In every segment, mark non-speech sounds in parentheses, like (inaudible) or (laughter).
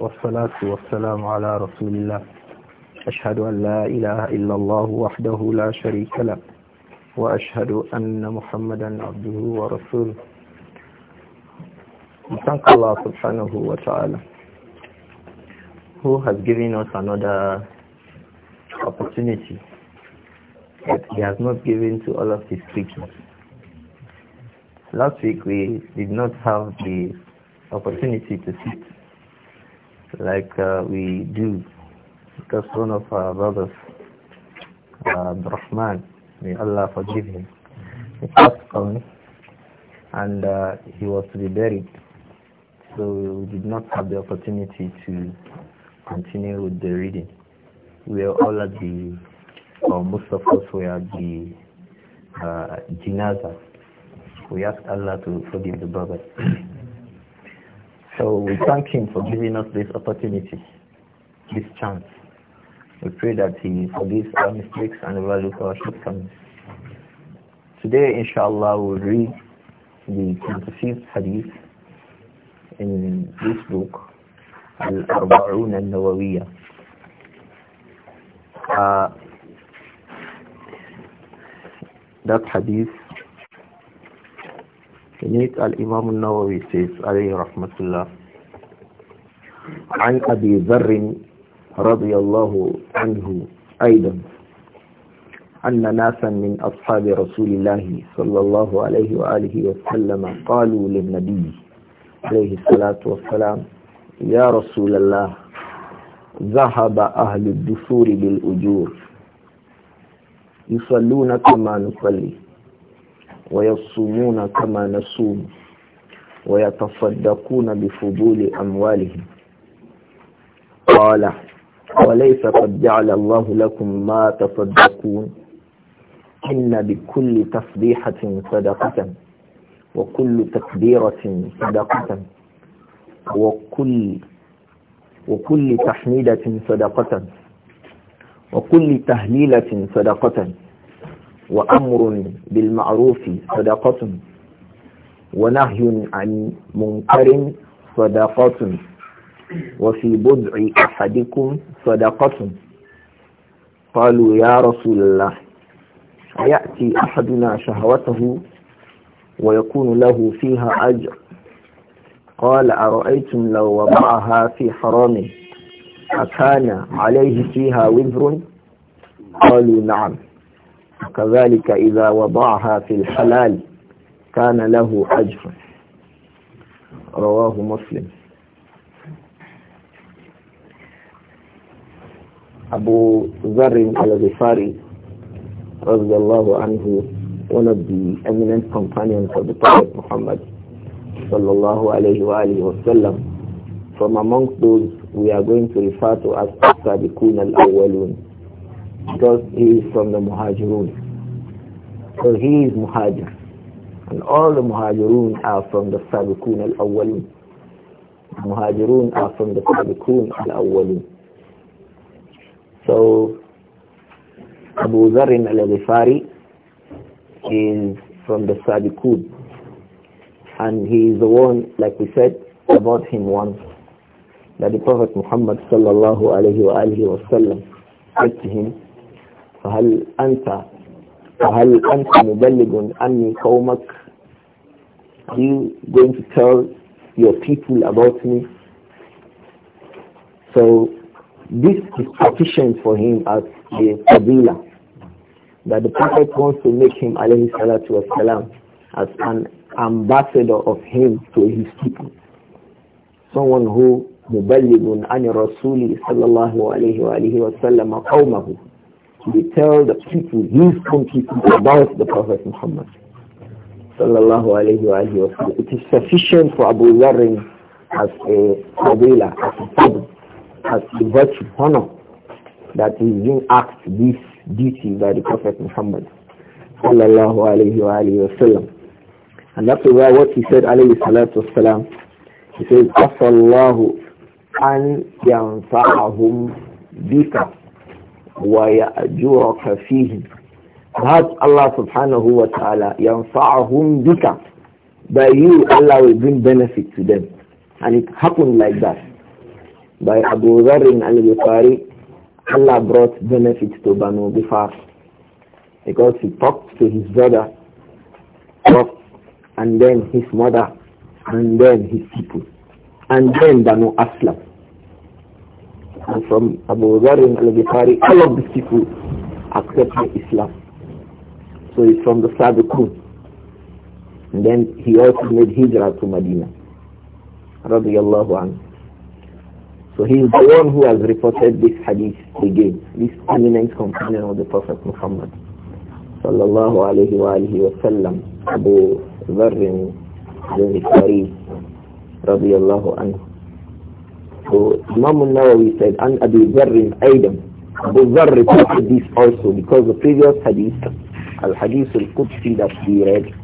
والصلاة والسلام على رسول الله أشهد أن لا إله إلا الله وحده لا شريك له وأشهد أن محمدا عبده ورسوله We thank Allah subhanahu wa ta'ala who has given us another opportunity that he has not given to all of his creatures. Last week we did not have the opportunity to sit like uh, we do because one of our brothers uh, Rahman may Allah forgive him he passed on and uh, he was to be buried so we did not have the opportunity to continue with the reading we are all at the or most of us were at the uh, jinaza we asked Allah to forgive the brother so we thank him for giving us this opportunity, this chance. We pray that he forgives our mistakes and overlooks our shortcomings. Today, inshallah, we'll read the 25th hadith in this book, Al-Arba'un al-Nawawiyah. Uh, that hadith In it, Al-Imam al-Nawawi says, alayhi rahmatullah, عن أبي ذر رضي الله عنه أيضا أن ناسا من أصحاب رسول الله صلى الله عليه وآله وسلم قالوا للنبي عليه الصلاة والسلام يا رسول الله ذهب أهل الدثور بالأجور يصلون كما نصلي ويصومون كما نصوم ويتصدقون بفضول أموالهم قال وليس قد جعل الله لكم ما تصدقون إن بكل تصبيحة صدقة وكل تكبيرة صدقة وكل وكل تحميدة صدقة وكل تهليلة صدقة وأمر بالمعروف صدقة ونهي عن منكر صدقة وفي بضع أحدكم صدقة قالوا يا رسول الله أيأتي أحدنا شهوته ويكون له فيها أجر قال أرأيتم لو وضعها في حرامه أكان عليه فيها وزر قالوا نعم كذلك إذا وضعها في الحلال كان له أجر رواه مسلم أبو ذر الغفاري رضي الله عنه one of the eminent companions of the Prophet Muhammad صلى الله عليه وآله وسلم from amongst those we are going to refer to as أكثر الأولون because he is from the Muhajirun. So he is Muhajir. And all the Muhajirun are from the Sabiqun al-Awwalun. Muhajirun are from the Sabiqun al-Awwalun. So Abu Zarin al-Ghifari is from the Sabiqun. And he is the one, like we said about him once, that the Prophet Muhammad sallallahu alayhi wa wa sallam said to him, فهل أنت فهل أنت مبلغ قومك Are you going to tell your people about me? So this is sufficient for him as a Qabila that the Prophet wants to make him alayhi salatu wasalam as an ambassador of him to his people. Someone who مبلغ عن الرسول صلى الله عليه وآله وسلم قومه will tell the people, his own people, about the Prophet Muhammad. Sallallahu alayhi wa alayhi It is sufficient for Abu Zarin as a fadila, as a fadl, as a virtue, honor, that he being asked this duty by the Prophet Muhammad. Sallallahu alayhi wa sallam. And that's why what he said, alayhi salatu wasalam, he says, أَصَى اللَّهُ أَنْ يَنْفَعَهُمْ بِكَ وَيَأْجُرَكَ فِيهِمْ Perhaps Allah subhanahu wa ta'ala يَنْفَعَهُمْ بِكَ By you, Allah will bring benefit to them. And it happened like that. By Abu Dharr al-Bukhari, Allah brought benefit to Banu Bifar because he talked to his brother first, and then his mother, and then his people, and then Banu Aslam and from Abu Dharr al-Ghifari, all of these people accepted Islam. So he's from the Qur'an, And then he also made hijrah to Medina. Radiallahu anhu. So he is the one who has reported this hadith again, this eminent companion of the Prophet Muhammad. Sallallahu alayhi wa wa sallam, Abu Dharr al-Ghifari, radiallahu anhu. So Imam Nawawi said, and Abu Zarrin Aydam. Abu Dharr reported this also because the previous hadith, al-hadith al-Qudsi that we read,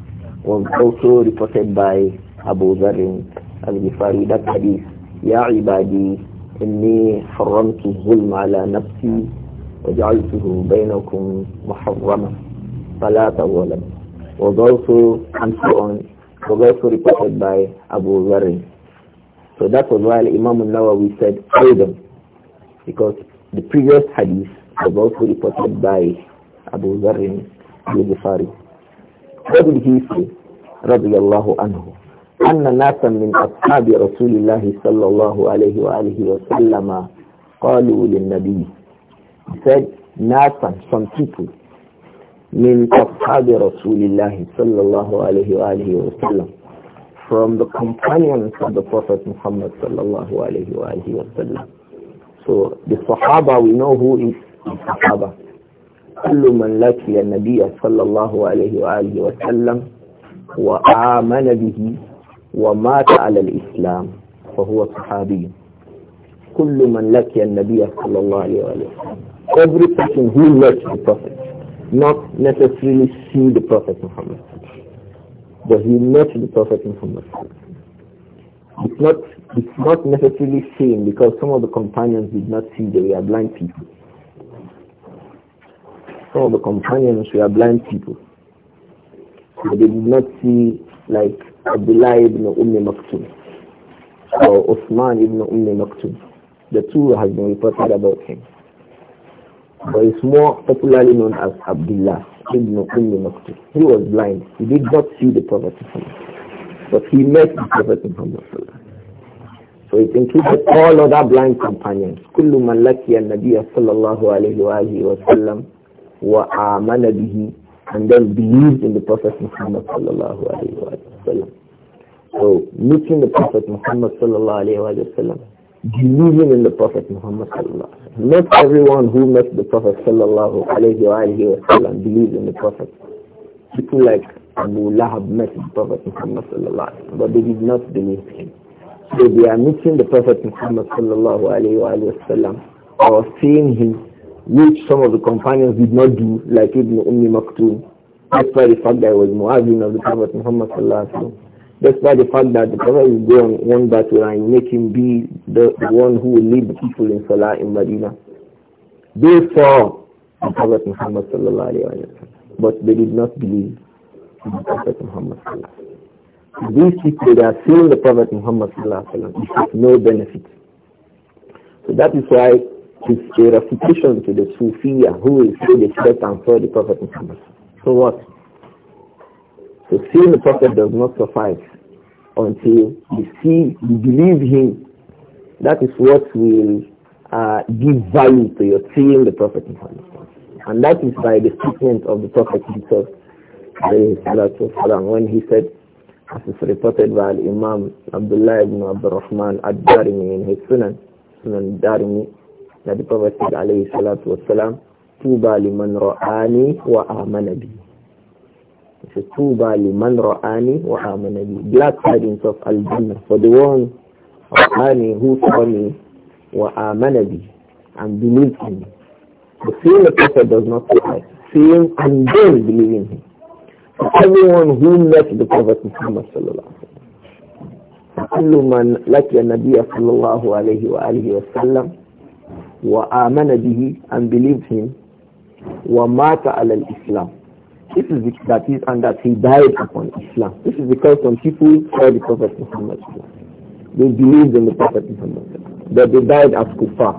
was also reported by Abu Zarrin al-Ghifari. That hadith, Ya ibadi, إني حرمت الظلم على نفسي وجعلته بينكم محرما also, and so on, was also reported by Abu Zarrin So that was why Imam al-Nawawi said them," because the previous hadith was also reported by Abu Zarrin al-Ghifari. What did he say? رضي الله عنه أن ناسا من أصحاب رسول الله صلى الله عليه وآله وسلم قالوا للنبي He said ناسا some people من أصحاب رسول الله صلى الله عليه وآله وسلم from the companions of the Prophet Muhammad sallallahu alayhi wa alayhi wa So the Sahaba, we know who is the Sahaba. كل من لقي النبي صلى الله عليه وآله وسلم وآمن به ومات على الإسلام فهو صحابي كل من لقي النبي صلى الله عليه وآله وسلم every person who met the Prophet not necessarily see the Prophet Muhammad but he met the Prophet Muhammad. It's not, it's not necessarily seen because some of the companions did not see they are blind people. Some of the companions were blind people. So they did not see like Abdullah ibn Umm Maktoum or Uthman ibn Umm Maktoum. The two has been reported about him. But it's more popularly known as Abdullah ibn Kulli Makti. He was blind. He did not see the Prophet Muhammad. But he met the Prophet Muhammad. So it included all other blind companions. كل من لقي النبي صلى الله عليه وآله وسلم وآمن به and then believed in the Prophet Muhammad صلى الله عليه وسلم. So meeting the Prophet Muhammad صلى الله عليه وسلم, believing in the Prophet Muhammad صلى الله عليه وسلم, not everyone who met the Prophet sallallahu alayhi wa believes in the Prophet. People like Abu Lahab met the Prophet Muhammad sallallahu but they did not believe him. So they are meeting the Prophet Muhammad sallallahu alayhi wa or seeing him, which some of the companions did not do, like Ibn Umm Maktoum. despite the fact that he was Muazzin of the Prophet Muhammad sallallahu alayhi wa despite the fact that the Prophet will go on one battle and make him be the one who will lead the people in Salah in Medina. They saw the Prophet Muhammad sallallahu but they did not believe in the Prophet Muhammad these people that are seeing the Prophet Muhammad sallallahu alayhi no benefit. So that is why it's a refutation to the Sufiya who is say they slept and saw the Prophet Muhammad. So what? So seeing the Prophet does not suffice until you see, you believe him. That is what will uh, give value to your seeing the Prophet Muhammad. And that is by the statement of the Prophet himself, when he said, as is reported by Imam Abdullah ibn Abdul Rahman ad-Darimi in his Sunan, Sunan Darimi, that the Prophet said, alayhi salatu wasalam, Tuba liman ra'ani wa amana bi says, Tuba liman ra'ani wa amanabi. Black tidings of Al-Jannah for the one ra'ani who saw me wa amanabi and believed in me. The seeing the Prophet does not suffice. Seeing and then believing him. For everyone who met the Prophet Muhammad sallallahu alaihi wasallam. كل من لقي النبي صلى الله عليه وآله وسلم وآمن به and believed him ومات على الإسلام this is the, that is, and that he died upon Islam. This is because some people saw the Prophet Muhammad. They believed in the Prophet Muhammad, but they died as kuffar.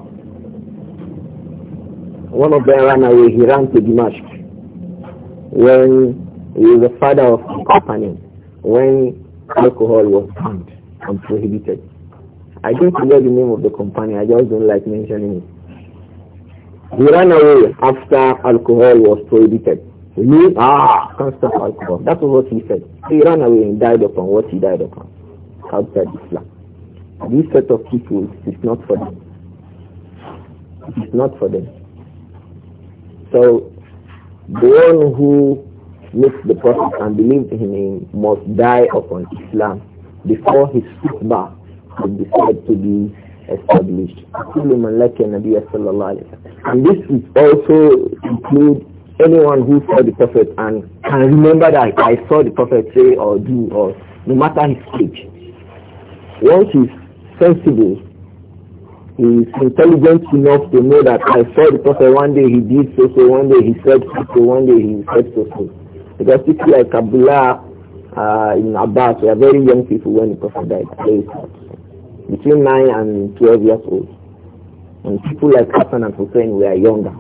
One of them ran away. He ran to Dimashq when he was the father of the company, when alcohol was banned and prohibited. I don't know the name of the company. I just don't like mentioning it. He ran away after alcohol was prohibited. He ah, can't stop alcohol. That was what he said. He ran away and died upon what he died upon outside Islam. This set of people is not for them. It is not for them. So the one who meets the Prophet and believes in him must die upon Islam before his khutbah could be said to be established. And this would also include anyone who saw the prophet and can remember that I saw the prophet say or do or no matter his age. Once he's sensible, he's intelligent enough to know that I saw the prophet one day he did so so, one day he said so so, one day he said so so. Because people like Abdullah uh, in Abbas were very young people when the prophet died. Between 9 and 12 years old. And people like Hassan and Hussein were younger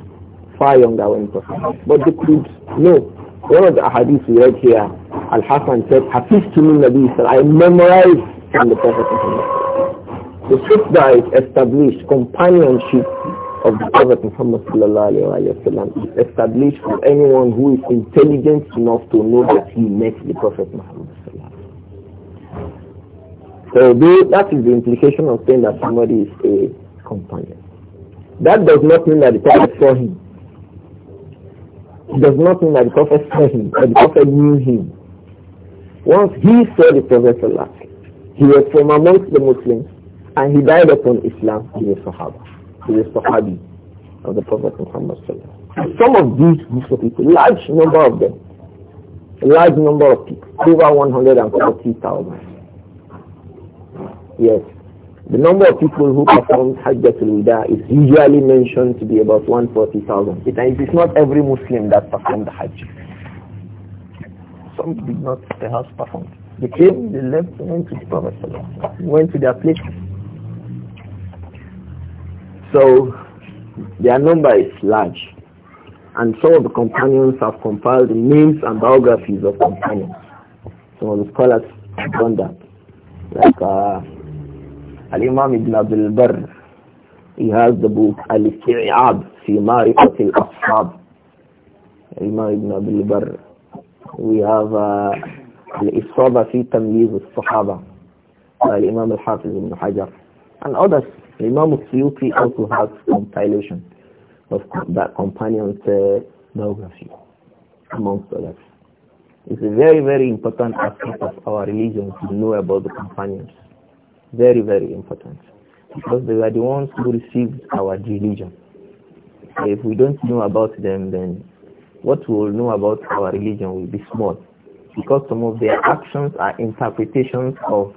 far younger when performing. But they could know. One of the hadiths we read here, Al-Hasan said, Hafiz to me Nabi said, I memorized from the Prophet Muhammad. The Sufda is established, companionship of the Prophet Muhammad is established for anyone who is intelligent enough to know that he met the Prophet Muhammad. So that is the implication of saying that somebody is a companion. That does not mean that the Prophet saw him. It does not mean that the Prophet saw him, but the Prophet knew him. Once he saw the Prophet he was from amongst the Muslims and he died upon Islam. He was Sahaba. He was Sahabi of the Prophet Muhammad Some of these Muslim people, large number of them, a large number of people, over 140,000. Yes, the number of people who perform Hajjatul Wida is usually mentioned to be about 140,000. It is not every Muslim that performed the Hajj. Some did not perhaps perform. They came, they left, they went to the Prophet went to their place. So their number is large. And some of the companions have compiled the names and biographies of companions. Some of the scholars have done that. Like uh, Al-Imam Ibn Abdul Barr, he has the book Al-Isti'ab fi Ma'rifat al-Ashab. Imam Ibn Abdul Barr. We have uh, Al-Isaba fi Tamyiz al-Sahaba by Imam Al-Hafiz Ibn Hajar. And others, Imam al-Suyuti also has compilation of that companion's uh, biography, amongst others. It's a very, very important aspect of our religion to know about the companions. Very, very important. Because they are the ones who received our religion. if we don't know about them, then what we will know about our religion will be small. Because some of their actions are interpretations of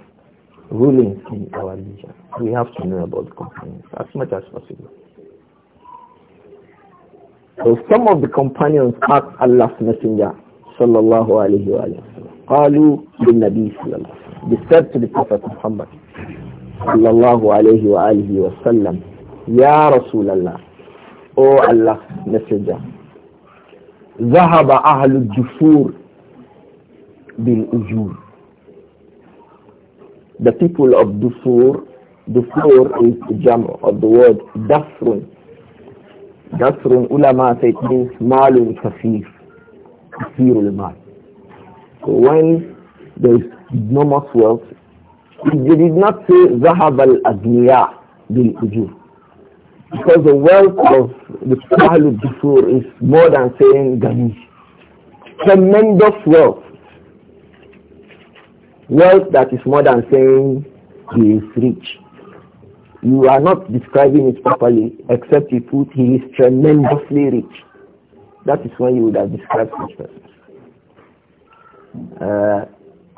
rulings in our religion. We have to know about companions as much as possible. So some of the companions asked Allah's Messenger sallallahu alayhi wa sallam, قالوا للنبي صلى الله عليه وسلم. They said to the Prophet Muhammad صلى الله عليه وآله وسلم يا رسول الله او Allah messenger ذهب أهل الجفور بالأجور The people of Dufur, Dufur is the jam of the word Dafrun. Dafrun ulama say it means malun kafif, kafirul mal. So when there is enormous wealth, They did not say Zahab al-Agniya bil Ujur. Because the wealth of the Ahlul Dufur is more than saying Gani. Tremendous wealth. Wealth that is more than saying he is rich. You are not describing it properly except you put he is tremendously rich. That is when you would have described such person. Uh,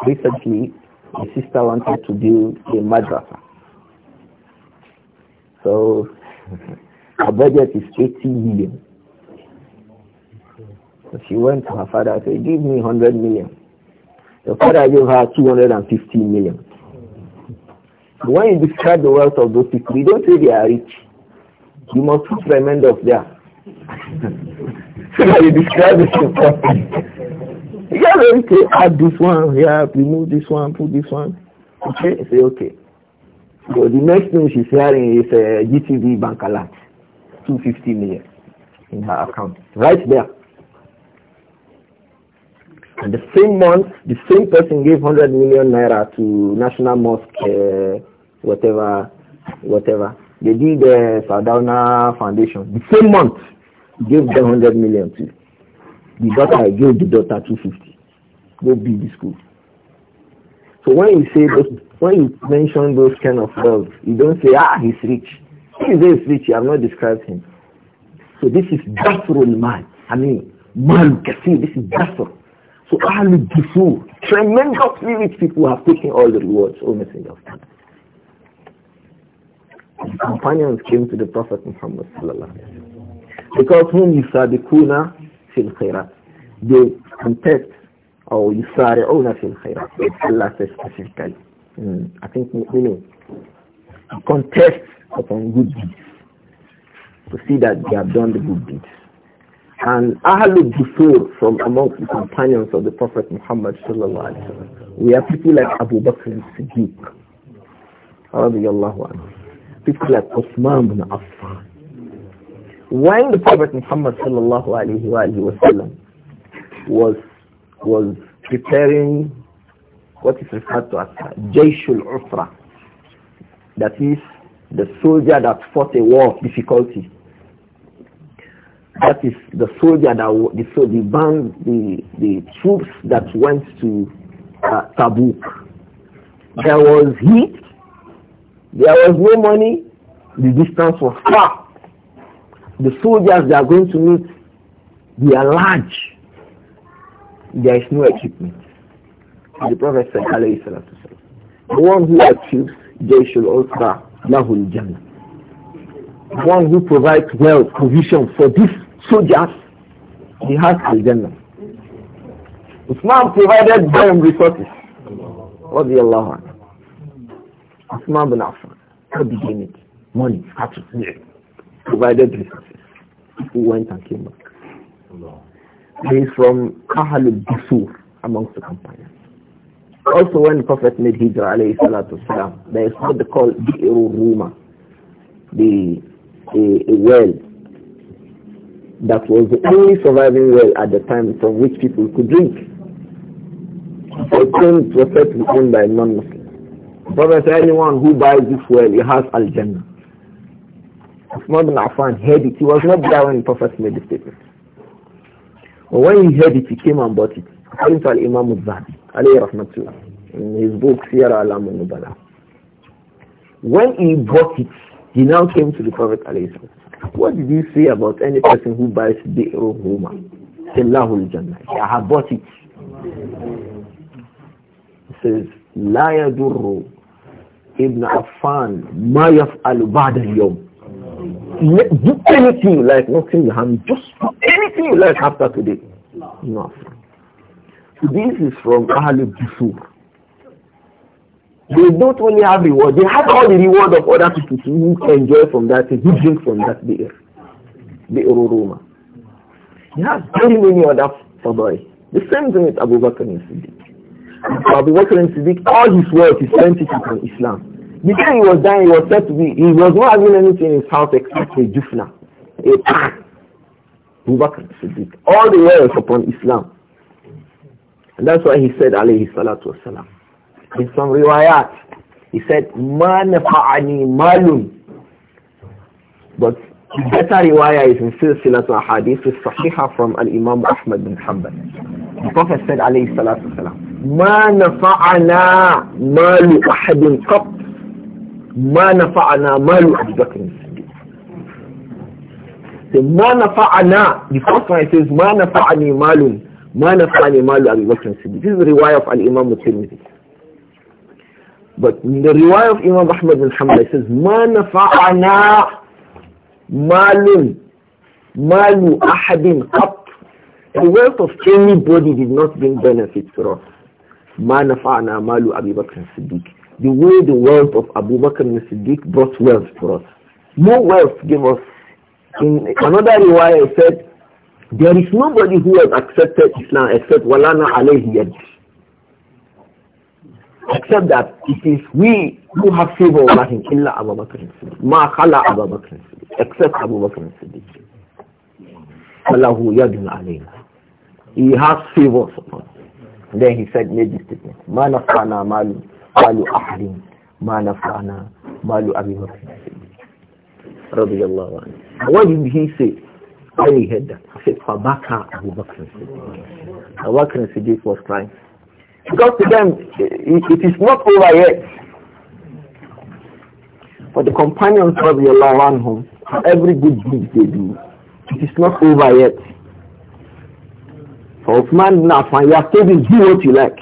recently, the sister wanted to build a madrasa. So (laughs) her budget is 80 million. So she went to her father and said, give me 100 million. The father gave her 250 million. When you describe the wealth of those people, you don't say they are rich. You must put tremendous there. (laughs) so you describe it properly very okay. Add this one, yeah, remove this one, put this one. Okay, I say okay. So the next thing she's hearing is a uh, GTV bank alert, 250 million in her account, right there. And the same month, the same person gave 100 million naira to National Mosque, uh, whatever, whatever. They did the uh, Foundation. The same month, gave them 100 million to The daughter, gave the daughter 250 go build the school. So when you say those, when you mention those kind of wealth, you don't say, ah, he's rich. He is rich, you have not described him. So this is Dasrul man. I mean, Mal Kasir, this is Dasr. So Ahlul Dusur, tremendously rich people have taken all the rewards, O Messenger of God. The companions came to the Prophet Muhammad because whom you saw the kuna fil khairat. They contest أو يسارعون في الخيرات Allah says specifically mm, I think you know contest upon good deeds to see that they have done the good deeds and Ahlul Dufur from among the companions of the Prophet Muhammad sallallahu alaihi wasallam we have people like Abu Bakr as-Siddiq radiyallahu anhu people like Uthman ibn Affan when the Prophet Muhammad sallallahu alaihi wasallam was was preparing what is referred to as Jaishul Ufra, That is the soldier that fought a war of difficulty. That is the soldier that the so the band the the troops that went to uh, Tabuk. There was heat. There was no money. The distance was far. The soldiers they are going to meet, they are large there is no achievement. The Prophet said, alayhi salatu The one who achieves, they should also lahul jannah. The one who provides wealth, provision for this soldiers, he has al jannah. Islam provided them resources. what Radiallahu anhu. Usman bin Affan, how did he make money, how provided resources. People went and came back. He is from Ahlul Dusur amongst the companions. Also when the Prophet made Hijrah alayhi salatu salam, there is what they call Bi'ru Ruma, the, a, a well that was the only surviving well at the time from which people could drink. So it was said to be owned by non-Muslims. Prophet said anyone who buys this well, he has Al-Jannah. It's not Affan heard it. He was not there when the Prophet made the statement when he heard it, he came and bought it. According to Imam al alayhi rahmatullah, in his book, Sierra Alam al-Nubala. When he bought it, he now came to the Prophet alayhi What did he say about any person who buys bi'ru huma? Allahul Jannah. I have bought it. He says, "La يضر ibn Affan ma يفعل بعد اليوم do anything you like, nothing you harm, just do anything you like after today. No. So this is from Ali Dusur. They don't only have reward, they have all the reward of other people who enjoy from that thing, who drink from that beer. The Ururuma. He has very many other fadai. The same thing with Abu Bakr and Siddiq. Abu Bakr and Siddiq, all his wealth, he spent it on Islam. The he was dying, he was said to be, he was not having anything in his house except a jufna, a pan. All the world upon Islam. And that's why he said, alayhi salatu wasalam, in some riwayat, he said, ma nafa'ani malun. But the better riwayah is in silsilatu hadith, is sahiha from al-imam Ahmad bin Hanbal. The Prophet said, alayhi salatu wasalam, ma nafa'ana malu ahadin qat. ما نفعنا مال Abu Bakr sai ma nafa'ana the first one says ma nafa'ani malun ma nafa'ani malu Abu Bakr Siddiq this is the riwayah of al-Imam Tirmidhi but in the riwayah of Imam Ahmad bin Hanbal it says ma nafa'ana malun malu ahadin qat the wealth of anybody did not bring benefit to us ma nafa'ana malu Abu Bakr Siddiq the way the wealth of Abu Bakr al-Siddiq brought wealth for us. More wealth gave us. In another way, I said, there is nobody who has accepted Islam except Walana alayhi yad. Except that it is we who have favor over him, illa Abu Bakr al-Siddiq. Ma khala Abu Bakr al-Siddiq. Except Abu Bakr al-Siddiq. Falahu yadun alayna. He has favored upon us. Then he said, made this statement. Ma nafana malun Malu أحد ما نفعنا malu أبي هريرة رضي الله what did he say when he heard that he said فبكى Abu Bakr." Abu Bakr said, Siddiq was crying because to them it, it is not over yet for the companions of Allah home, for every good deed they do it is not over yet for Uthman ibn you are told do what you like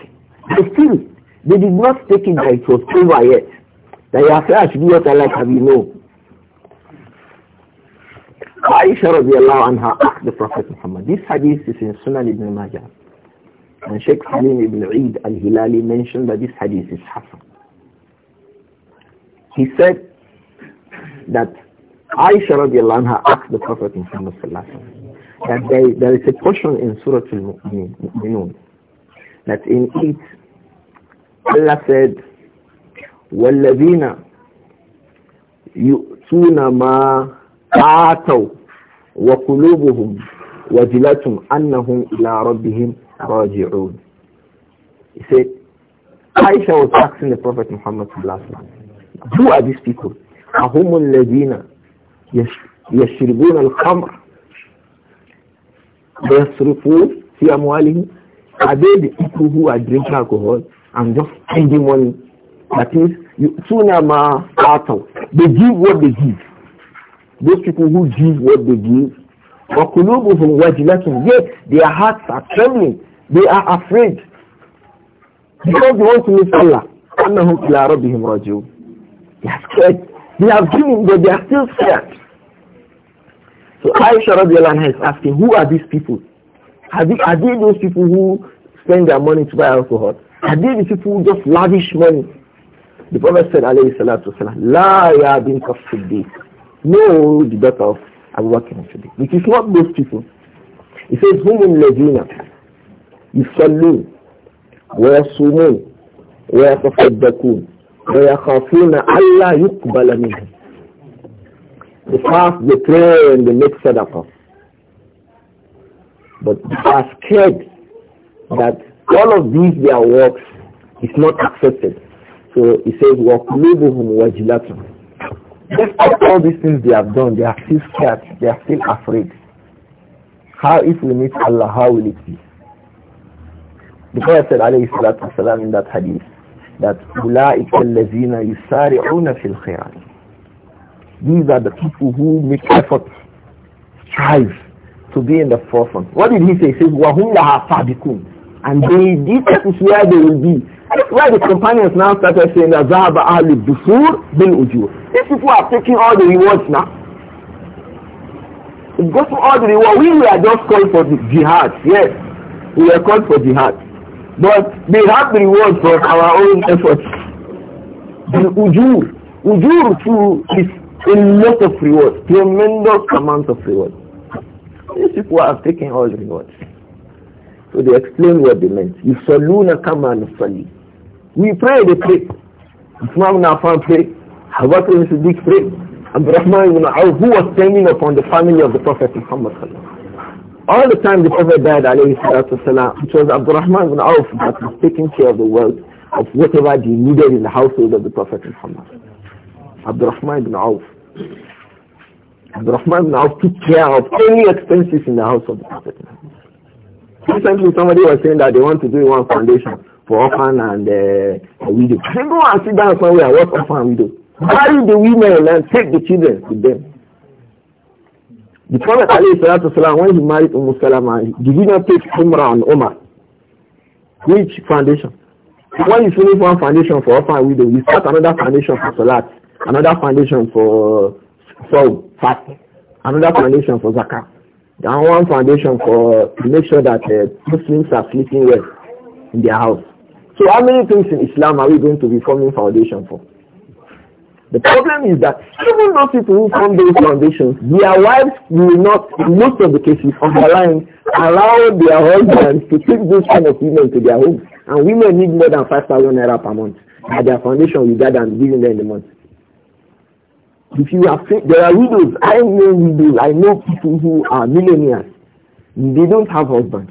they still they did not take it that it was over yet. That your affair should be what Allah have you know. Aisha radiallahu anha asked the Prophet Muhammad. This hadith is in Sunan ibn Majah. And Sheikh Salim ibn Eid al-Hilali mentioned that this hadith is Hassan. He said that Aisha radiallahu anha asked the Prophet Muhammad sallallahu that there, there is a portion in Surah Al-Mu'minun that in it Allah said, وَالَّذِينَ يُؤْتُونَ مَا آتَوْا وَقُلُوبُهُمْ وَجِلَةٌ أَنَّهُمْ ila رَبِّهِمْ رَاجِعُونَ He said, Aisha was asking the Prophet Muhammad who are these people? أَهُمُ الَّذِينَ يَشْرِبُونَ الْخَمْرَ وَيَصْرِفُونَ فِي أَمْوَالِهِمْ Are they the people who are drinking alcohol and just spending money. That is, you, Sunama Atom. They give what they give. Those people who give what they give, وَقُلُوبُهُمْ their hearts are trembling. They are afraid. Because they want to meet Allah. أَنَّهُمْ إِلَىٰ They are scared. They have given, but they are still scared. So Aisha Radiallahu is asking, who are these people? Are they, are they those people who spend their money to buy alcohol? Are they people just lavish money? The Prophet said, alayhi salatu wasalam, La ya bint of Siddiq. No, the daughter of Abu Bakr Siddiq. is not those people. He says, Humun ladina yusallu wa yasumun wa yatafaddakun wa yakhafuna alla yuqbala minhum. They fast, they pray, and they make sadaqah. But they are scared that all of these, their works, is not accepted. So he says, وَقْلُوبُهُمْ وَجِلَةٌ Despite all these things they have done, they are still scared, they are still afraid. How if we meet Allah, how will it be? The Prophet said, alayhi salatu wasalam, in that hadith, that أُولَٰئِكَ الَّذِينَ يُسَارِعُونَ فِي الْخَيْرَاتِ These are the people who make effort, strive to be in the forefront. What did he say? He says, وَهُمْ لَهَا صَادِقُونَ and they, this is where they will be. That's why the companions now started saying that Zahaba Ali before bin Uju. These people are taking all the rewards now. It goes to all the reward. We were just called for the jihad. Yes, we were called for jihad. But they have the reward for our own efforts. Bin Uju, Uju too is a lot of reward. Tremendous amount of reward. These people are taking all the rewards. So they explained what they meant. You saluna kama nusali. We pray, the pray. Usman ibn Affan pray. the ibn Siddiq pray. Rahman ibn Awf, who was standing upon the family of the Prophet Muhammad All the time the Prophet died, alayhi salatu wasalam, it was Rahman ibn Awf that was taking care of the wealth of whatever they needed in the household of the Prophet Muhammad. Abdurrahman ibn Awf. Rahman ibn Awf took care of any expenses in the house of the Prophet Muhammad. Recently, somebody was saying that they want to do one foundation for orphan and uh, widow. Then go and sit down somewhere and work orphan and widow. Marry the women and take the children with them. The Prophet والسلام, when he married Umm Salama, did he not take Umrah and Omar? Which foundation? When you finish one foundation for orphan and widow, you start another foundation for Salat, another foundation for Saul, another foundation for Zakat. And one foundation for to make sure that uh, Muslims are sleeping well in their house. So how many things in Islam are we going to be forming foundation for? The problem is that even those people who form those foundations, their wives will not, in most of the cases, underline, allow their husbands to take those kind of women to their homes. And women need more than 5,000 naira per month at their foundation we gather and giving them the money. If you have faith, there are widows. I know widows. I know people who are millionaires. They don't have husbands.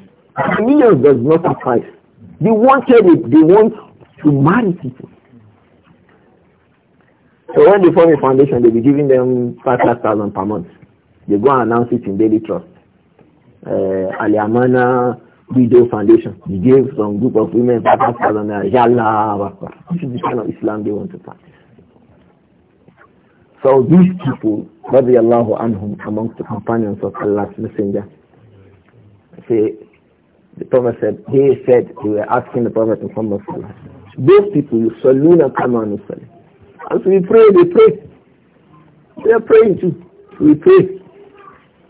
Millions does not apply. They wanted it. They want to marry people. So when they form a foundation, they'll be giving them 5,000 per month. They go and announce it in Daily Trust. Uh, Aliamana Widow Foundation. They gave some group of women 5,000 naira. Yalla. This is the kind of Islam they want to practice. So these people, radiallahu anhum, amongst the companions of Allah's Messenger, say, the Prophet said, he said, they were asking the Prophet Muhammad those people, you saluna kama nusalli. As we pray, they pray. They are praying too. We pray.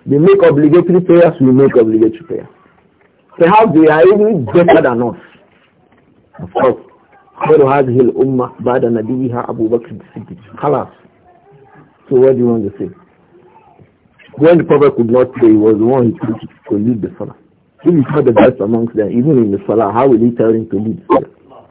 They make obligatory prayers, we make obligatory prayers. Perhaps they are even better than us. Of course. خير هذه الأمة بعد نبيها أبو بكر الصديق خلاص so what do you want to say? When the Prophet could not pray, he was the one who to lead the Salah. He is not the best amongst them, even in the Salah, how will he tell him to lead the Salah?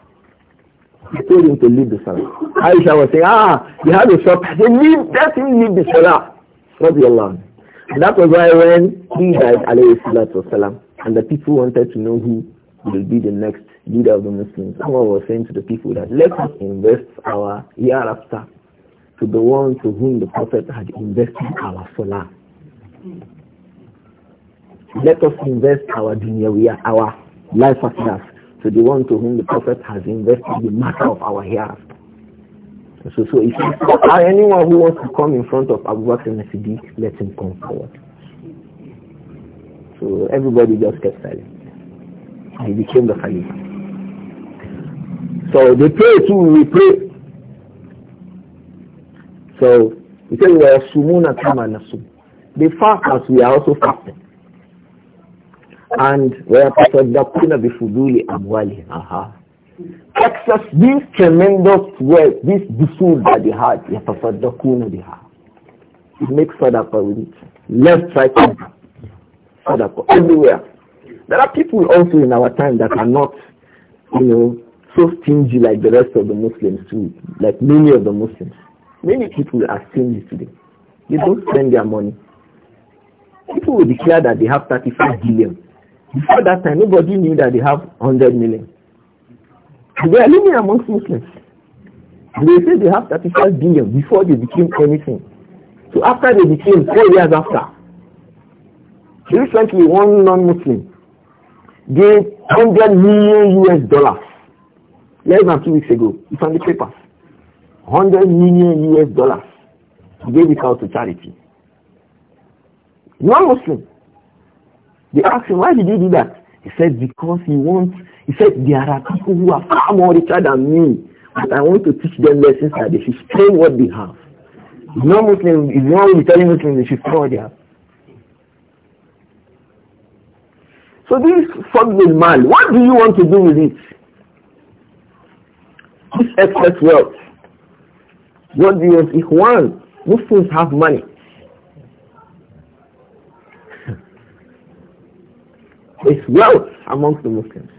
He told him to lead the Salah. Aisha was saying, ah, you have a shop. He said, leave, let him lead the Salah. Radiallahu anhu. that was why when he died, alayhi salatu wasalam, and the people wanted to know who will be the next leader of the Muslims, someone was saying to the people that let us invest our hereafter to the one to whom the Prophet had invested our salah. Let us invest our dunya, our life affairs to the one to whom the Prophet has invested the matter of our hair. So, so if anyone who wants to come in front of Abu Bakr and Siddiq, let him come forward. So everybody just kept silent. He became the Khalifa. So they pray too, we pray. So say we are sumuna kama nasum." They fast as we are also fasting. And the tasaddaquna bi fuduli amwali. Aha. Excess this tremendous wealth, this busur that they had, they have. It makes sadaqa with it. Left, right, sadaqa everywhere. There are people also in our time that are not, you know, so stingy like the rest of the Muslims too, like many of the Muslims. Many people are stingy today. They don't spend their money. People will declare that they have 35 billion. Before that time, nobody knew that they have 100 million. They are living amongst Muslims. They say they have 35 billion before they became anything. So after they became, four years after, recently one non-Muslim gave 100 million US dollars less than two weeks ago. It's on the papers. 100 million US dollars. to give it out to charity. Non-Muslim. They asked him, why did you do that? He said, because he wants, he said, there are people who are far more richer than me, but I want to teach them lessons that they should spend what they have. Non-Muslim, is you want telling Muslims, they should spend what they have. So this fadlul mal, what do you want to do with it? This excess wealth. What do you be Ikhwan. Muslims have money. (laughs) it's wealth amongst the Muslims.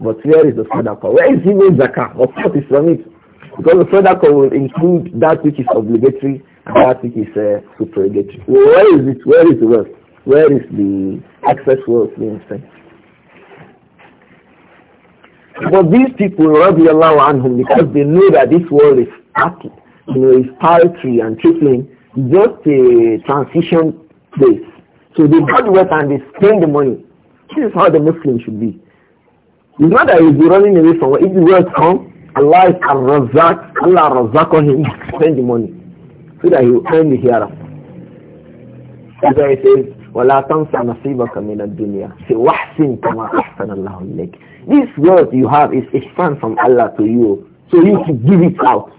But where is the sadaqah? Where is even zakah? Of course it's from it. Because the sadaqah will include that which is obligatory and that which is uh, supererogatory. Where is it? Where is the wealth? Where is the excess wealth being spent? But these people, radiallahu anhum, because they know that this world is you know, it's paltry and trifling, just a transition place. So they go to work and they spend the money. This is how the Muslim should be. It's not that he's running away from it. If the wealth comes, Allah is al razak, Allah razak on him, spend the money. So that he will earn the hereafter. So why he says, ولا تنسى نصيبك من الدنيا واحسن كما احسن الله اليك this word you have is ihsan from Allah to you so you should give it out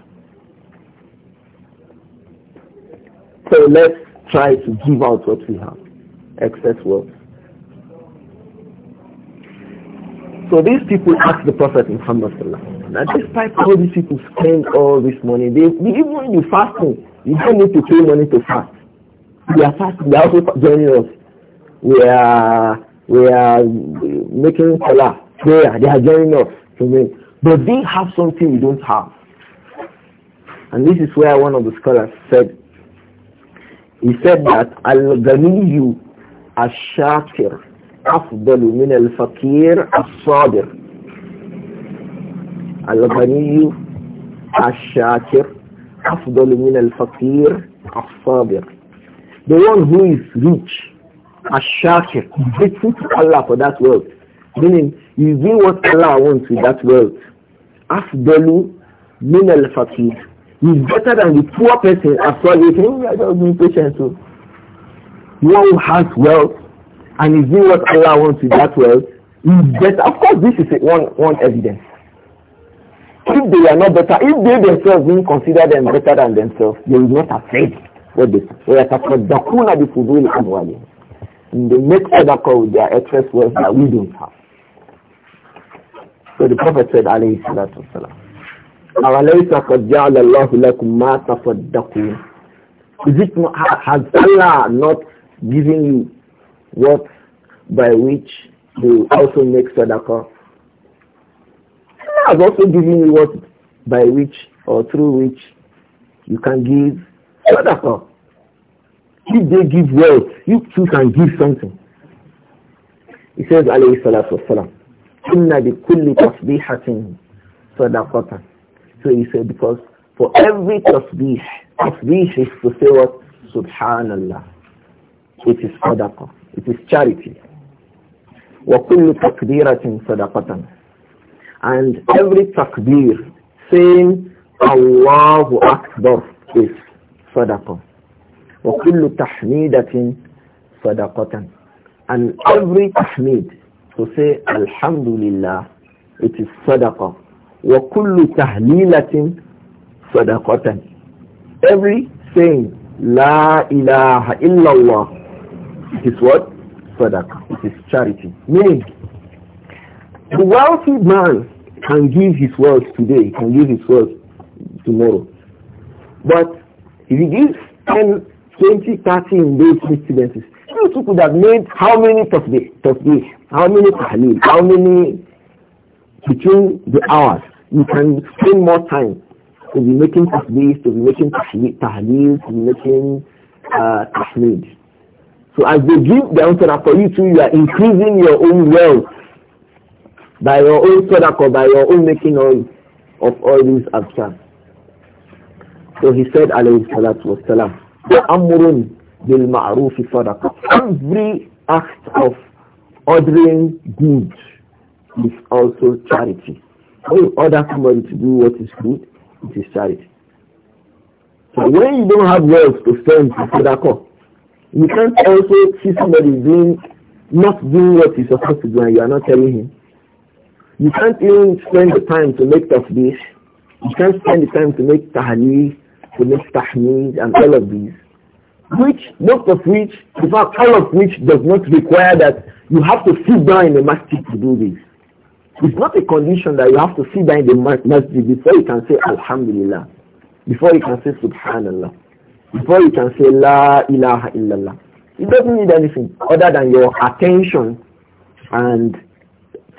So let's try to give out what we have, excess wealth. So these people ask the Prophet Muhammad Now despite all these people spend all this money, they, even you fasting, you don't need to pay money to fast. They are fasting, they are also joining us. We are, we are making salah, prayer, they are joining us. But they have something we don't have. And this is where one of the scholars said, he said that Al-Ganiyu Ash-Shakir Afdalu Min Al-Fakir Al-Sadir al Ash-Shakir Afdalu Min Al-Fakir The one who is rich Ash-Shakir Grateful Allah for that wealth Meaning you do what Allah wants with that wealth Afdalu Min al is better than the poor person after you think I just being patient so one oh. who has wealth and is doing what Allah wants with that wealth is better of course this is one one evidence if they are not better if they themselves did consider them better than themselves they will not have faith what they ويتصدقون بفضول أموالهم and they make call with their excess wealth that we don't have so the prophet said alayhi salatu wasalam أَوَلَيْسَ قَدْ Is it, has Allah not given you what by which you also make sadaqah? Allah has also given you what by which or through which you can give sadaqah. If they give wealth, you too can give something. He says, alayhi salatu wasalam, إِنَّ بِكُلِّ تَصْبِيحَةٍ صَدَقَةً so he said, because for every tasbih, tasbih is to say what? Subhanallah. It is sadaqah. It is charity. وَكُلُّ تَكْبِيرَةٍ صَدَقَةً And every takbir, saying Allahu Akbar is sadaqah. وَكُلُّ تَحْمِيدَةٍ صَدَقَةً And every tahmid, to say Alhamdulillah, it is sadaqah. وَكُلُّ تَحْلِيلَةٍ صَدَقَةً Every saying, La ilaha illallah, it is what? Sadaqah. It is charity. Meaning, the wealthy man can give his wealth today, can give his wealth tomorrow. But if he gives 10, 20, 30 in those you could have made how many tasbih, tasbih how many tahlil, how many between the hours you can spend more time to be making tasbih, to be making tahleel, to be making uh, So as they give the answer for you too, you are increasing your own wealth by your own sadaqah, by your own making of all these absent. So he said, alayhi salatu wasalam, وَأَمْرٌ Every act of ordering good is also charity. When you order somebody to do what is good, it is charity. So when you don't have wealth to spend to Sadaqah, you can't also see somebody doing, not doing what he's supposed to do and you are not telling him. You can't even spend the time to make tafbih. You can't spend the time to make tahleel, to make tahmeed and all of these which most of which, in fact all of which does not require that you have to sit down in the masjid to do this. It's not a condition that you have to sit down in the masjid before you can say Alhamdulillah, before you can say Subhanallah, before you can say La ilaha illallah. It doesn't need anything other than your attention and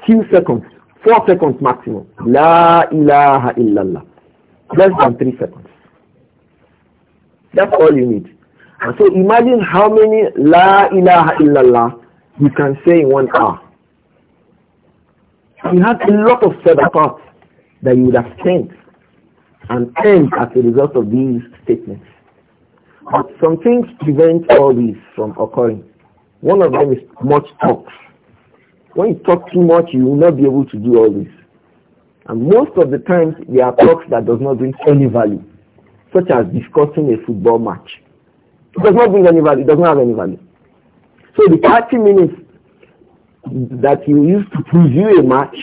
few seconds, four seconds maximum. La ilaha illallah. Less than three seconds. That's all you need. And so imagine how many La ilaha illallah you can say in one hour. You had a lot of sadaqat that you would have spent and earned as a result of these statements. But some things prevent all these from occurring. One of them is much talk. When you talk too much, you will not be able to do all this. And most of the times, there are talks that does not bring any value, such as discussing a football match. It does not bring any value. It does not have any value. So the 30 minutes that you used to preview a match,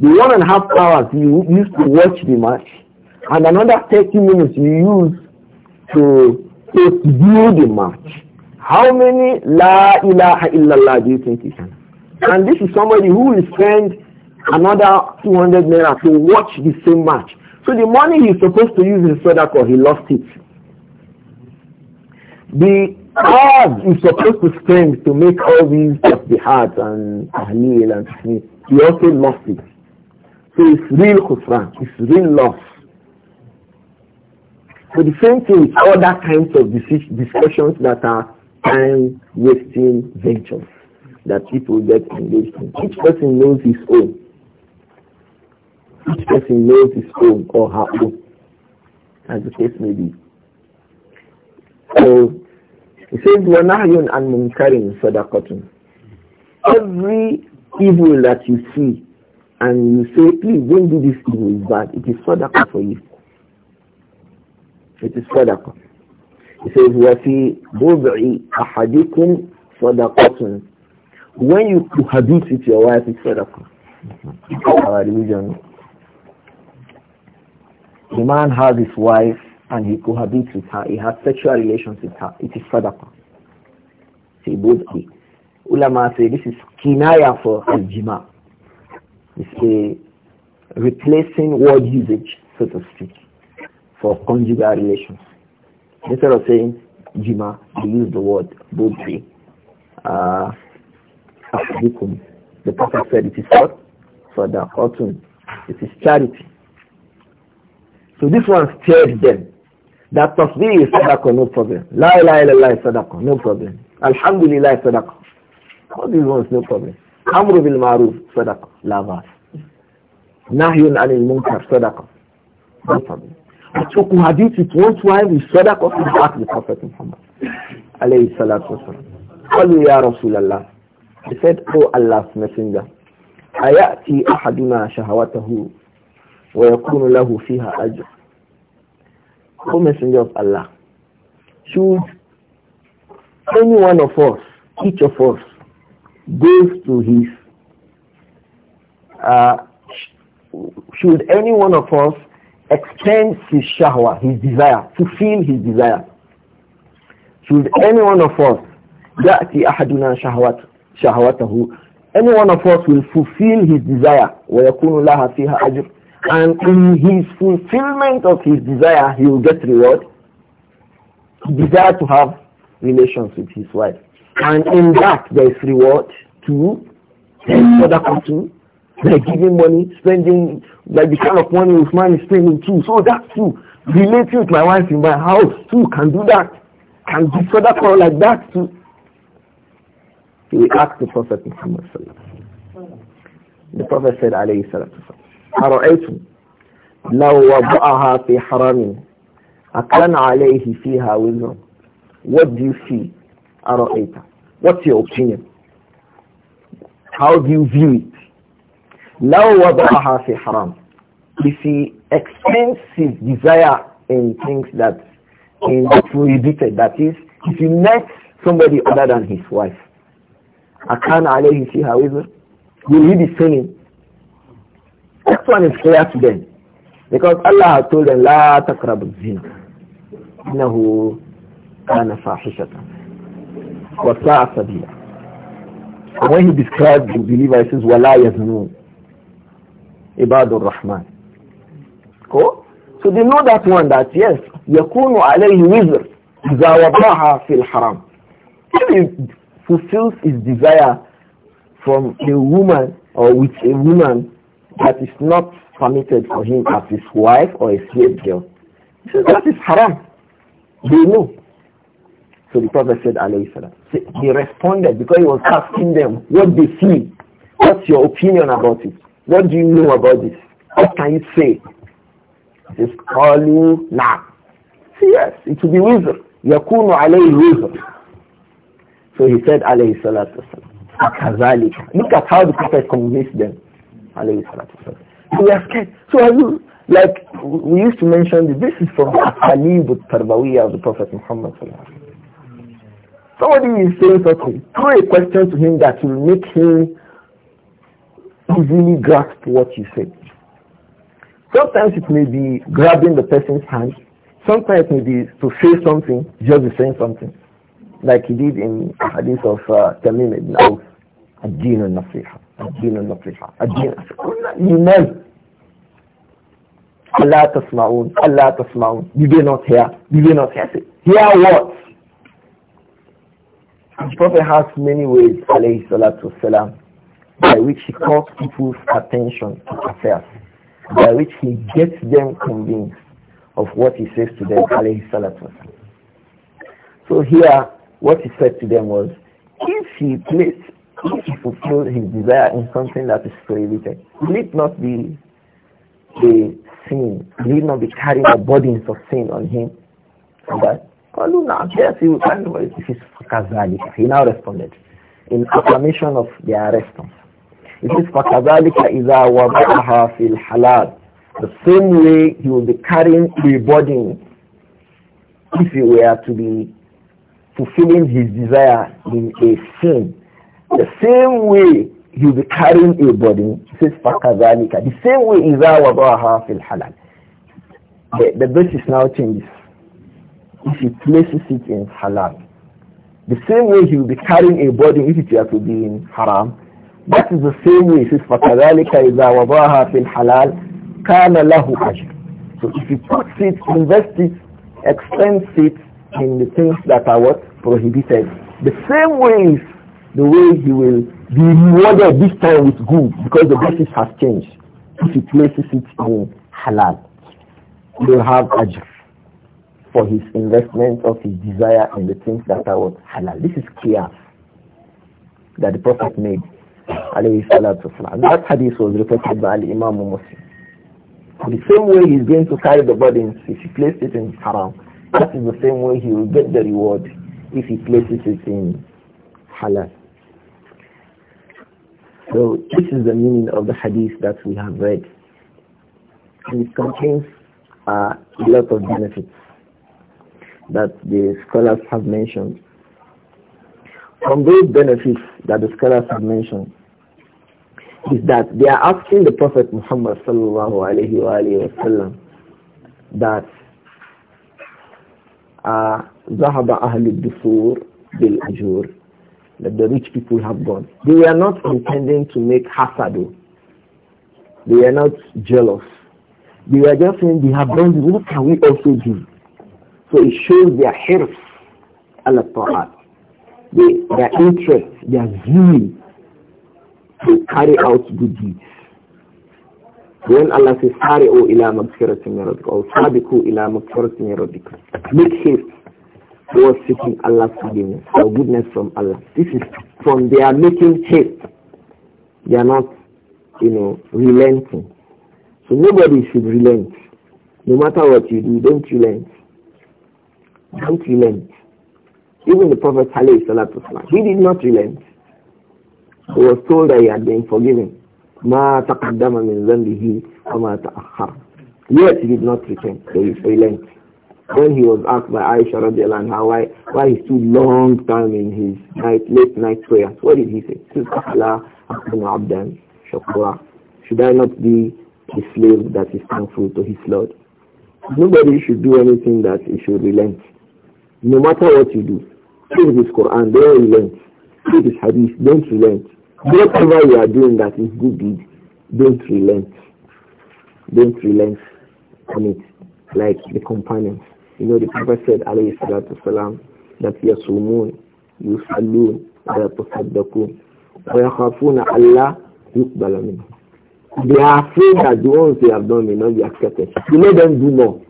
the one and a half hours you used to watch the match, and another 30 minutes you used to, to view the match. How many La ilaha illallah do you think you can? And this is somebody who will spend another 200 naira to watch the same match. So the money he's supposed to use in Sadaqah, he lost it. The God is supposed to spend to make all these heart and tahleel and tasmeen. He also lost it. So it's real khusran. It's real loss. So the same thing with other kinds of discussions that are time-wasting ventures that people get engaged in. Each person knows his own. Each person knows his own or her own, as the case may be. So he says, وَنَهْيٌ عَنْ مُنْكَرٍ صَدَقَةٌ Every evil that you see and you say, please don't do this evil, it's bad. It is sadaqah for you. It is sadaqah. He says, وَفِي بُضْعِ أَحَدِكُمْ صَدَقَةٌ When you cohabit with your wife, it's sadaqah. Our religion. The man has his wife and he cohabits with her, he has sexual relations with her, it is sadaqah. See both the ulama say this is kinaya for al-jima. It's a replacing word usage, so to speak, for conjugal relations. Instead of saying jima, they use the word bodhi. Uh, the Prophet said it is what? For the autumn. It is charity. So this one stirred them. ده التصديق صدقه نور صديق لا إله إلا الله صدقه نور صديق الحمد لله صدقه خذ الزنس نور صديق أمر بالمعروف صدقه لا باس نهي عن المنكر صدقه نور صديق أتوقع حديث تونس وعين صدقه في الحق لقفة محمد عليه الصلاة والسلام قالوا يا رسول الله He said, oh Allah's messenger, أيأتي أحدنا شهوته ويكون له فيها أجر O Messenger of Allah, should any one of us, each of us, goes to his, uh, should any one of us extend his shahwa, his desire, fulfill his desire, should any one of us, يأتي ahaduna شهوات any one of us will fulfill his desire, and in his fulfillment of his desire, he will get reward. He desire to have relations with his wife. And in that, there is reward too. There is sadaqah too. By giving money, spending, like the kind of money Usman is spending too. So that too, relating with my wife in my house too, can do that. Can do sadaqah like that too. He ask the Prophet Muhammad sallallahu The Prophet said alayhi salatu أرأيتم لو وضعها في حرام أكان عليه فيها وزر What do you see? أرأيت What's your opinion? How do you view it? لو وضعها في حرام If he extends his desire in things that in prohibited, that is, if he met somebody other than his wife, أكان عليه فيها وزر Will he be sinning? Next one is clear to them. Because Allah has told them, La taqrabu zina. Innahu kana fahishatan. Wa sa'a sabila. When he describes the believer, he says, Wala yaznun. Ibadur Rahman. Cool? So they know that one that yes, يكون عليه وزر إذا وضعها في الحرام. If he fulfills his desire from a woman or with a woman that is not permitted for him as his wife or a slave girl. He says, that is haram. They know. So the Prophet said, alayhi salam. He responded because he was asking them what they see? What's your opinion about it? What do you know about this? What can you say? He says, Qalu now. See, yes, it will be wizard. Yakunu alayhi wizard. So he said, alayhi salatu Look at how the Prophet convinced them alayhi salatu wasalam. we are scared. So are you, like we used to mention, this, this is from Asalib al-Tarbawiyah of the Prophet Muhammad Somebody is saying something, throw a question to him that will make him easily grasp what you say. Sometimes it may be grabbing the person's hand. Sometimes it may be to say something, just saying something, like he did in hadith of uh, Tamim ibn Auf, Ad-Din al الدين النصيحة الدين قلنا لمن Allah tasma'un, Allah tasma'un. You do not hear, you do not hear. hear what? The Prophet has many ways, عليه salatu by which he calls people's attention to affairs, by which he gets them convinced of what he says to them, عليه salatu So here, what he said to them was, if he placed if he fulfills his desire in something that is prohibited, will it not be a sin? Will it not be carrying the burdens of sin on him? And that, قالوا نعم yes he will carry it if it's كذلك he now responded in affirmation of their response it is فكذلك إذا وضعها fil halal. the same way he will be carrying the burden if he were to be fulfilling his desire in a sin the same way he'll be carrying a body, he says, fakazalika The same way is وَضَعَهَا فِي fi The, the basis now changes. If he places it in halal. The same way he will be carrying a body if it were to be in haram. That is the same way he says, فَكَذَلِكَ إِذَا وَضَعَهَا فِي halal kana lahu أَجْرٍ So if he puts it, invests it, extends it in the things that are what? Prohibited. The same way the way he will be rewarded this time with good because the basis has changed. If he places it in halal, he will have ajr for his investment of his desire in the things that are what halal. This is clear that the Prophet made. That hadith was reported by Ali Imam Muslim. The same way he's going to carry the burden if he places it in haram, that is the same way he will get the reward if he places it in halal. So this is the meaning of the hadith that we have read. And it contains uh, a lot of benefits that the scholars have mentioned. From those benefits that the scholars have mentioned is that they are asking the Prophet Muhammad sallallahu alayhi wa alayhi wa sallam that uh, ذهب أهل الدثور بالأجور that the rich people have gone. They were not intending to make hasado. They were not jealous. They were just saying they have done What can we also do? So it shows their hirf ala ta'at. Their interest, their zeal to carry out good deeds. When Allah says, Sari'u ila magfiratin min rabbikum, or Sabiku ila magfiratin Make haste was seeking Allah's forgiveness or goodness from Allah. This is from they are making haste. They are not, you know, relenting. So nobody should relent. No matter what you do, don't relent. Don't relent. Even the Prophet Wasallam, he did not relent. He was told that he had been forgiven. Yes, Yet he did not repent. So he relented when he was asked by Aisha radiallahu anha why, why he stood long time in his night, late night prayers, what did he say? Should I not be a slave that is thankful to his Lord? Nobody should do anything that he should relent. No matter what you do, take this Quran, don't relent. Take this Hadith, don't relent. Whatever you are doing that is good deed, don't relent. Don't relent on it, like the companions. You know, the Prophet said, alayhi salatu salam, that yasumun, yusallun, wa yatasaddaqun, wa yakhafuna Allah yuqbala minhum. They are afraid that the ones they have done may not be accepted. You let them do more.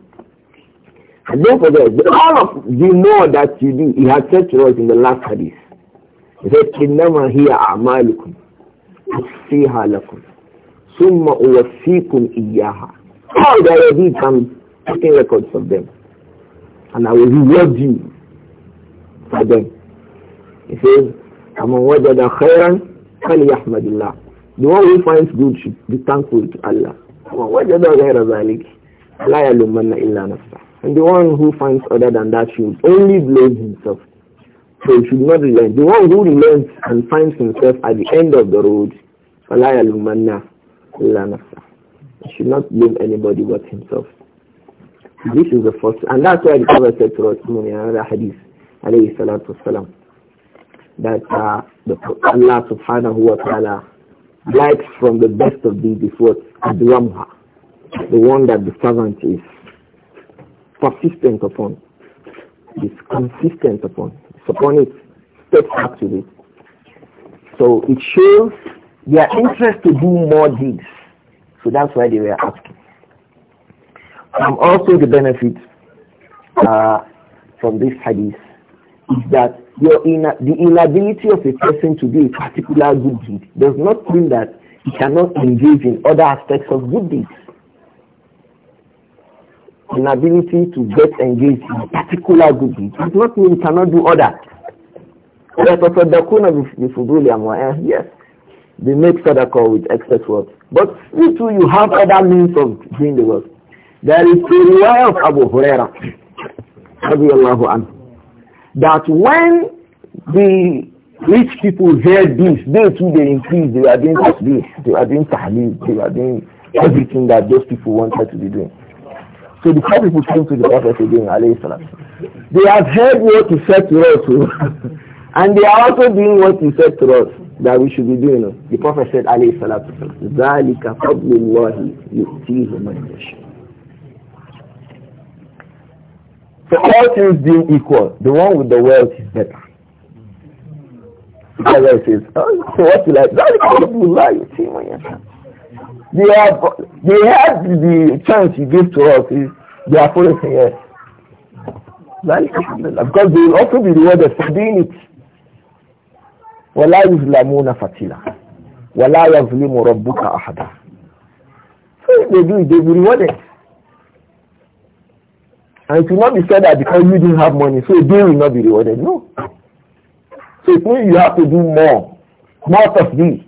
And don't forget, all of the more that you do, he had said to us in the last hadith. He said, إِنَّمَا هِيَ أَعْمَالُكُمْ أُخْفِيهَا لَكُمْ summa أُوَفِّيكُمْ إِيَّاهَا All the deeds, I'm taking records of them and I will reward you for them. He says, أَمَنْ وَجَدَ خَيْرًا فَلْيَحْمَدِ اللَّهِ The one who finds good should be thankful to Allah. أَمَنْ وَجَدَ غَيْرَ ذَلِكِ لَا يَلُمَّنَّ إِلَّا نَفْسَهُ And the one who finds other than that should only blame himself. So he should not relent. The one who relents and finds himself at the end of the road, فَلَا يَلُمَّنَّ He should not blame anybody but himself. This is the first. And that's why the Prophet said to us in another hadith, alayhi salatu wasalam, that uh, the, Allah subhanahu wa ta'ala likes from the best of thee before Adramha, the one that the servant is persistent upon, is consistent upon, is upon it, steadfast with it. So it shows their interest to do more deeds. So that's why they were asking. And also the benefit uh, from this hadith is that ina the inability of a person to do a particular good deed does not mean that he cannot engage in other aspects of good deeds. Inability to get engaged in a particular good deed does not mean he cannot do other. Eh, yes, they make sadaqah with excess words, But you too, you have other means of doing the work. There is a riwayah of Abu Huraira anhu, that when the rich people heard this, they too they increased, they were doing this, they were doing tahleel, they were doing everything that those people wanted to be doing. So the poor people came to the Prophet again, alayhi salam. They have heard what he said to us, oh. (laughs) and they are also doing what he said to us that we should be doing. Oh. The Prophet said, alayhi salatu, ذَلِكَ فَضْلُ اللَّهِ يُؤْتِيهُ مَنْ يَشَاءُ So all things being equal, the one with the wealth is better. Because I says, oh, so what you like? That's the you lie. You see, when they have, they have the chance you give to us is they are following yes. Because they will also be rewarded for doing it. ولا يظلمون فتيلا ولا يظلم ربك أحدا. So if they do, it, they will be rewarded. And it will not be said that because you didn't have money, so they will not be rewarded. No. So it means you have to do more. More of these.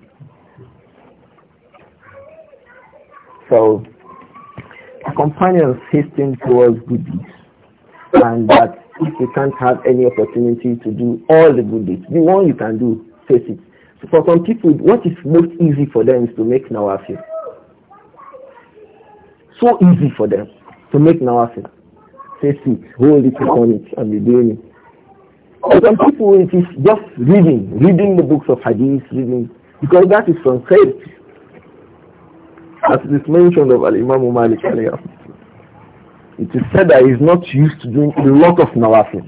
So a companion hasten towards good deeds. And that if you can't have any opportunity to do all the good deeds, the one you can do, face it. So for some people, what is most easy for them is to make nawafil. So easy for them to make nawafil face hold it upon it and be doing it. For some people it is just reading, reading the books of hadith, reading, because that is from faith. As it is mentioned of Al-Imam Malik earlier, it is said that he is not used to doing a lot of nawafil.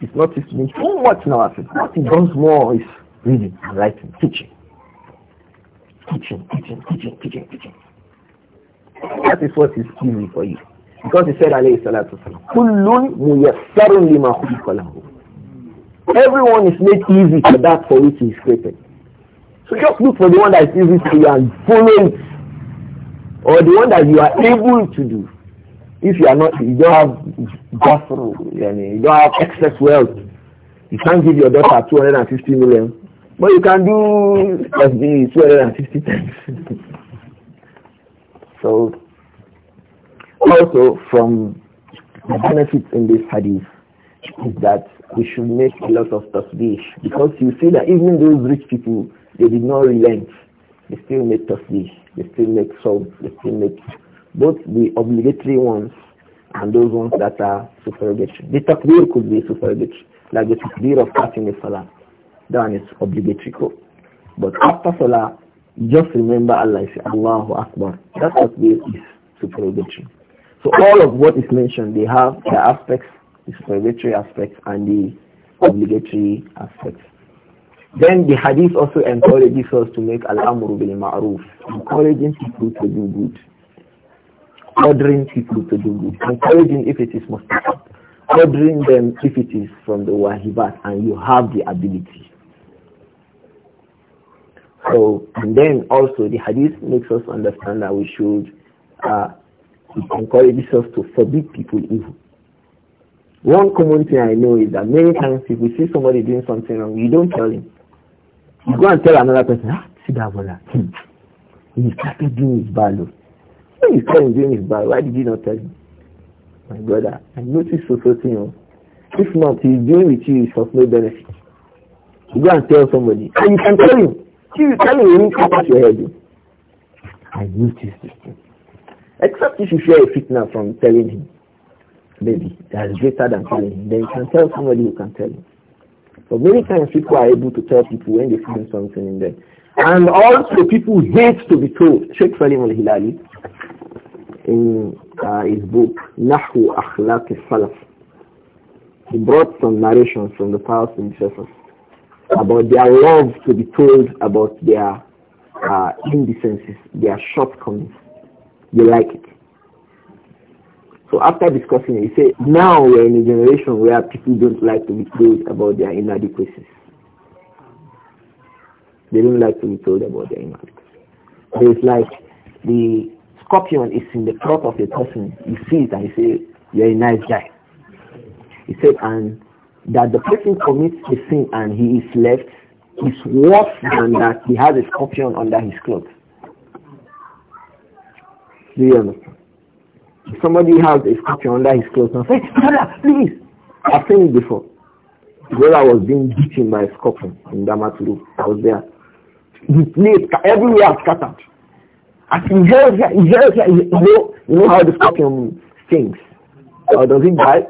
It's not used to doing too much nawafil. What he does more is reading and writing, teaching. Teaching, teaching, teaching, teaching, teaching. That is what is easy for you. Because he said, alayhi salatu Kullun Everyone is made easy for that for which he is created. So just look for the one that is easy for you and follow it. Or the one that you are able to do. If you are not, you don't have you don't have excess wealth. You can't give your daughter 250 million. But you can do 250 times. (laughs) So, Also, from the benefits in this hadith is that we should make a lot of tasbih because you see that even those rich people, they did not relent. They still make tasbih. They still make salt. They still make both the obligatory ones and those ones that are supererogatory. The takbir could be supererogatory, like the takbir of cutting the salah. That one is obligatory. But after salah, just remember Allah and say, Allahu Akbar. That's what way is supererogatory. So all of what is mentioned, they have the aspects, the supererogatory aspects and the obligatory aspects. Then the hadith also encourages us to make al-amru bil ma'ruf, encouraging people to do good, ordering people to do good, encouraging if it is mustahab, ordering them if it is from the wahibat and you have the ability. So, and then also the hadith makes us understand that we should, uh, ourselves us to forbid people evil. One common thing I know is that many times if we see somebody doing something wrong, we don't tell him. You go and tell another person, ah, see that one, he started doing his bad. Oh. When you tell him doing his bad, why did you not tell him? My brother, I noticed so so thing. Oh. If not, he's doing with you, it's of no benefit. You go and tell somebody, and you can tell him. She tell you you need to your head. I use this system. Except if you fear a fitna from telling him, maybe that is greater than telling him, then you can tell somebody who can tell him. But many times people are able to tell people when they find something in them. And also people hate to be told. Sheikh Salim al-Hilali, in uh, his book, Nahu Akhlaq al-Salaf, he brought some narrations from the past in Jesus about their love to be told about their uh, indecencies, their shortcomings. They like it. So after discussing it, he said, now we're in a generation where people don't like to be told about their inadequacies. They don't like to be told about their inadequacies. it's like the scorpion is in the throat of a person. You see it and you say, you're a nice guy. He said, and that the person commits a sin and he is left is worse than that he has a scorpion under his clothes. Do you understand? If somebody has a scorpion under his clothes and says, Brother, please. I've seen it before. Brother was being bitten by a scorpion in Damaturu. I was there. The place, everywhere scattered. As he it here, he held here, you know, you know how the scorpion stings. Or does it bite?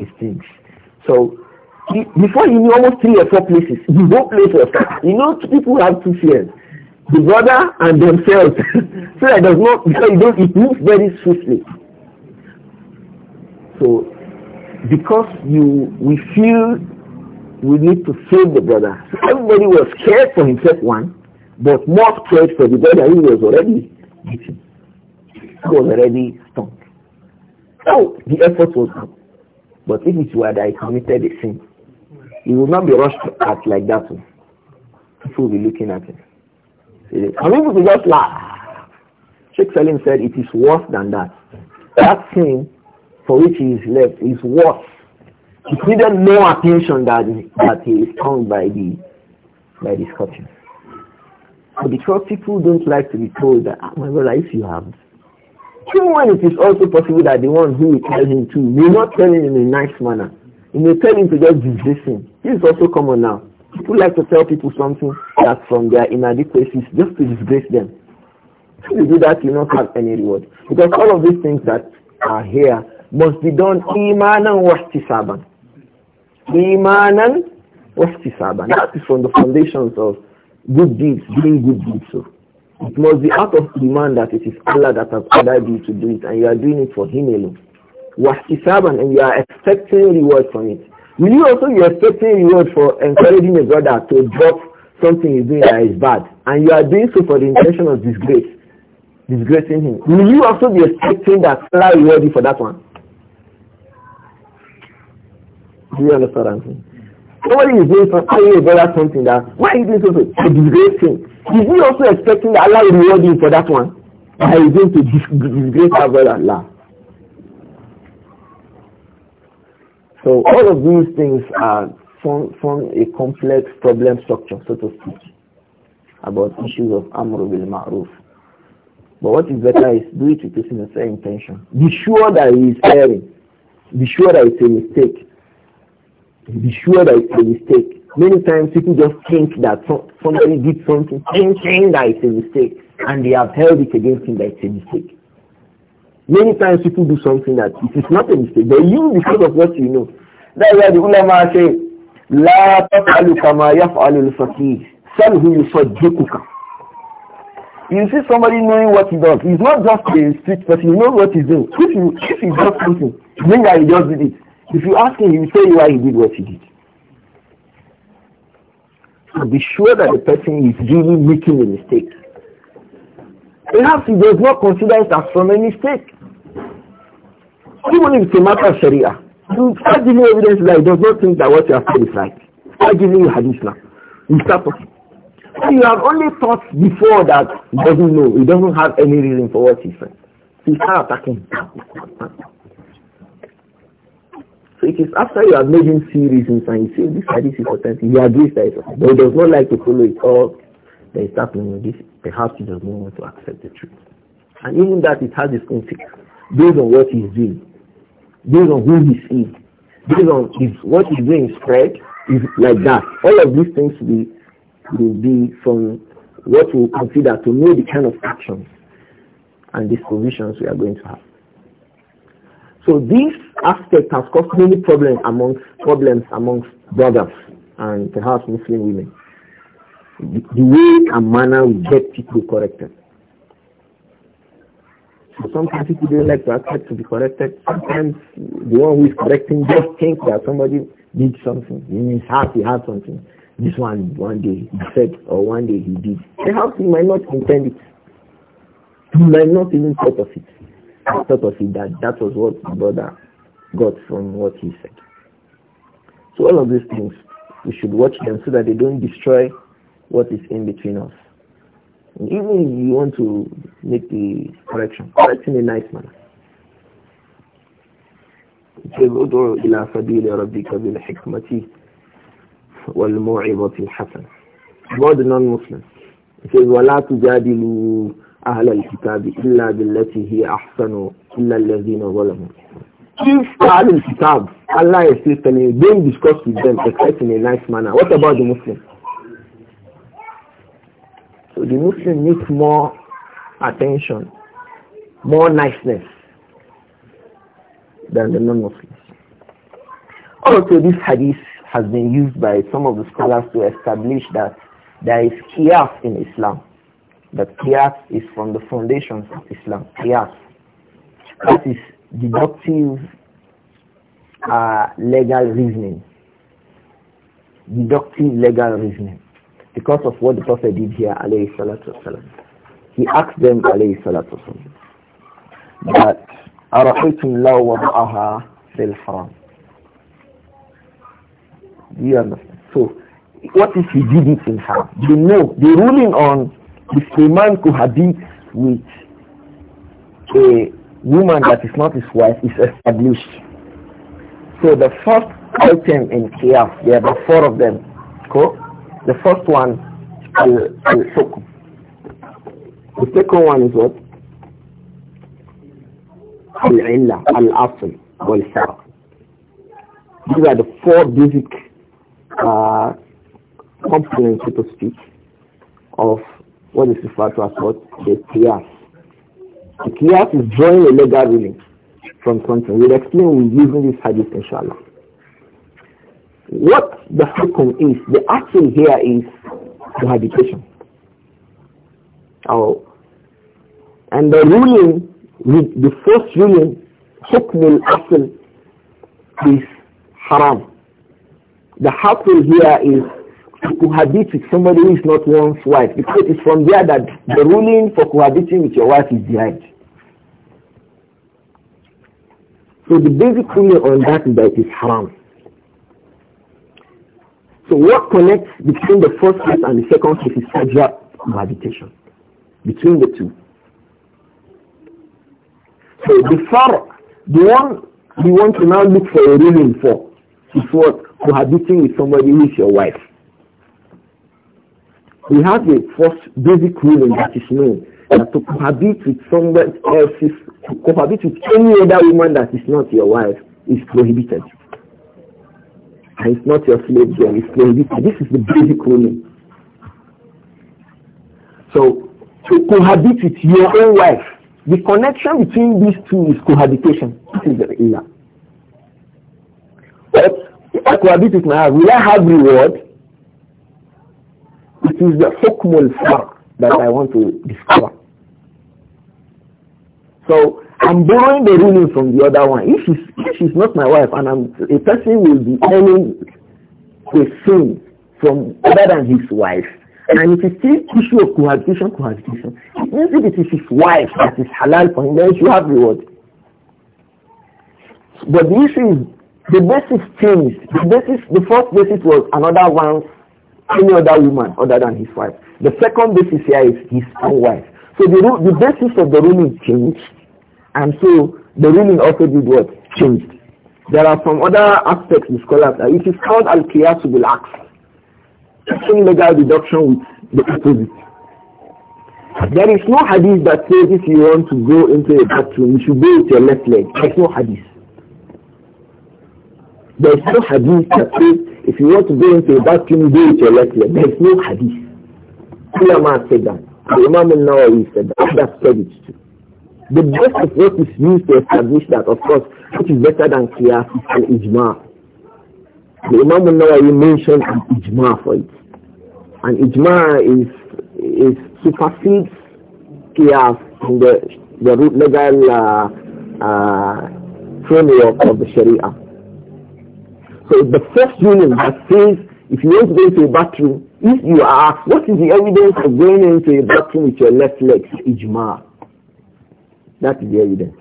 It stings. So he, before he knew almost three or four places, he hmm. will You know, people have two fears. The brother and themselves. (laughs) so that does not, so it moves very swiftly. So because you, we feel we need to save the brother. So everybody was scared for himself, one, but more scared for the brother who was already beaten. He was already stung. So the effort was out. But if it's where I committed a sin, it would not be rushed at like that. People will be looking at it. him. And people will just laugh. Sheikh Salim said it is worse than that. That sin for which he is left is worse. did needed more attention than that he is hung by the by the scorpion. because people don't like to be told that, oh, my brother, if you have even when it is also possible that the one who will tell him to may not tell him in a nice manner. He may tell him to just disgrace him. This is also common now. People like to tell people something that from their inadequacies just to disgrace them. If you do that, you don't have any reward. Because all of these things that are here must be done imanan wahtisaban. Imanan wahtisaban. That is from the foundations of good deeds, doing good deeds. So it must be out of iman that it is Allah that has ordered you to do it and you are doing it for Him alone. Wahtisaban and you are expecting reward from it. Will you also be expecting reward for encouraging a brother to drop something he's doing that is bad and you are doing so for the intention of disgrace, disgracing him? Will you also be expecting that Allah reward you for that one? Do you understand Somebody is doing telling a brother something that why is this also a disgrace thing. Is he also expecting that Allah will reward him for that one? Or he is going to disgrace our brother Allah. So all of these things are from from a complex problem structure, so to speak, about issues of Amr bil Ma'ruf. But what is better is do it with a sincere intention. Be sure that he is erring. Be sure that it's a mistake be sure that it's a mistake. Many times people just think that somebody did something, thinking that it's a mistake, and they have held it against him that it's a mistake. Many times people do something that it is not a mistake, but you, because of what you know. That's why the ulama say, لا تفعل كما يفعل الفقيه سله يصدقك you see somebody knowing what he does. He's not just a street person, he knows what he's doing. If he if he does something, mean that he just did it. If you ask him, he will tell you why he did what he did. So be sure that the person is really making a mistake. Perhaps he does not consider it as from a mistake. Even if it's a matter of Sharia, you start giving evidence that he does not think that what you have said is right. Start giving you hadith now. You start talking. You have only thought before that he doesn't know, he doesn't have any reason for what he said. you start attacking so it is after you have made him see reasons and you see this hadith is authentic, he agrees that it's but he does not like to follow it all it's happening with this. Perhaps he does not want to accept the truth. And even that it has its conflict based on what he's doing, based on who he sees, based on his what he's doing spread, is like that. All of these things will, will be from what we we'll consider to know the kind of actions and dispositions we are going to have. So this aspect has caused many problems amongst problems amongst brothers and perhaps Muslim women. The, way and manner we get people corrected. So sometimes people don't like to accept to be corrected. Sometimes the one who is correcting just thinks that somebody did something. In his heart he had something. This one one day he said or one day he did. Perhaps he might not intend it. He might not even thought of it. I thought of it that that was what the brother got from what he said. So all of these things, we should watch them so that they don't destroy what is in between us. And even if you want to make the correction, correct in a nice manner. It says, ادعو إلى سبيل ربك بالحكمة والموعظة الحسنة. About the non-Muslims. It says, ولا تجادلوا أهل الكتاب إلا بالتي هي أحسن إلا الذين ظلموا If أهل kitab Allah is still telling you don't discuss with them except in a nice manner what about the Muslim so the Muslim needs more attention more niceness than the non-Muslims also this hadith has been used by some of the scholars to establish that there is chaos in Islam that qiyas is from the foundations of Islam. Qiyas. That is deductive uh, legal reasoning. Deductive legal reasoning. Because of what the Prophet did here, alayhi salatu wasalam. He asked them, alayhi salatu wasalam, that أَرَحِيتُمْ لَوْ وَضَعَهَا فِي الْحَرَامِ Do you understand? So, what if he did it in haram? They know the ruling on if a man cohabits with a woman that is not his wife is established. So the first item in here there are four of them. Cool? The first one is Al-Hukum. The second one is what? Al-Illa, Al-Asl, Wal-Sharq. These are the four basic uh, components, so to speak, of what is referred to as what? The kias? The kias is drawing a legal ruling from something. We'll explain using this hadith inshallah. What the hukum is, the action here is cohabitation. Oh. And the ruling, the first ruling, hukmul asl is haram. The haram here is cohabit with somebody who is not one's wife because it's from there that the ruling for cohabiting with your wife is derived. So the basic ruling on that is that it is haram. So what connects between the first case and the second case is sexual cohabitation between the two. So the far, the one you want to now look for a ruling for is what cohabiting with somebody who is your wife. We have a first basic ruling that is known that to cohabit with someone else is to cohabit with any other woman that is not your wife is prohibited. And it's not your slave girl, it's prohibited. This is the basic ruling. So to cohabit with your own wife, the connection between these two is cohabitation. This is the illa. But if I cohabit with my wife, will I have reward? is the hukmul far that I want to discover. So I'm borrowing the ruling from the other one. If she's, if she's not my wife and I'm, a person will be earning a sin from other than his wife, and if it's still issue of cohabitation, cohabitation, it means if it is his wife that is halal for him, then she have reward. But the issue is the basis changed. The basis, the first basis was another one's any other woman other than his wife. The second basis here is his own wife. So the, the basis of the ruling changed, and so the ruling also did what? Changed. There are some other aspects in scholars. It is called al-qiyas bil aqs taking legal deduction with the opposite. There is no hadith that says if you want to go into a bathroom, you should go with your left leg. There is no hadith. There is no hadith that says if you want to go into a bathroom, do it electly. There is no hadith. Ulama said that. The Imam al-Nawawi said that. That's said it too. The best of what is used to establish that, of course, it is is better than Qiyas and Ijma. The Imam al-Nawawi mentioned an Ijma for it. And Ijma is, is supersedes Qiyas in the, the legal uh, uh, framework of the Sharia. So the first woman that says if you want to go into a bathroom, if you are what is the evidence of going into a bathroom with your left leg? Ijma. That is the evidence.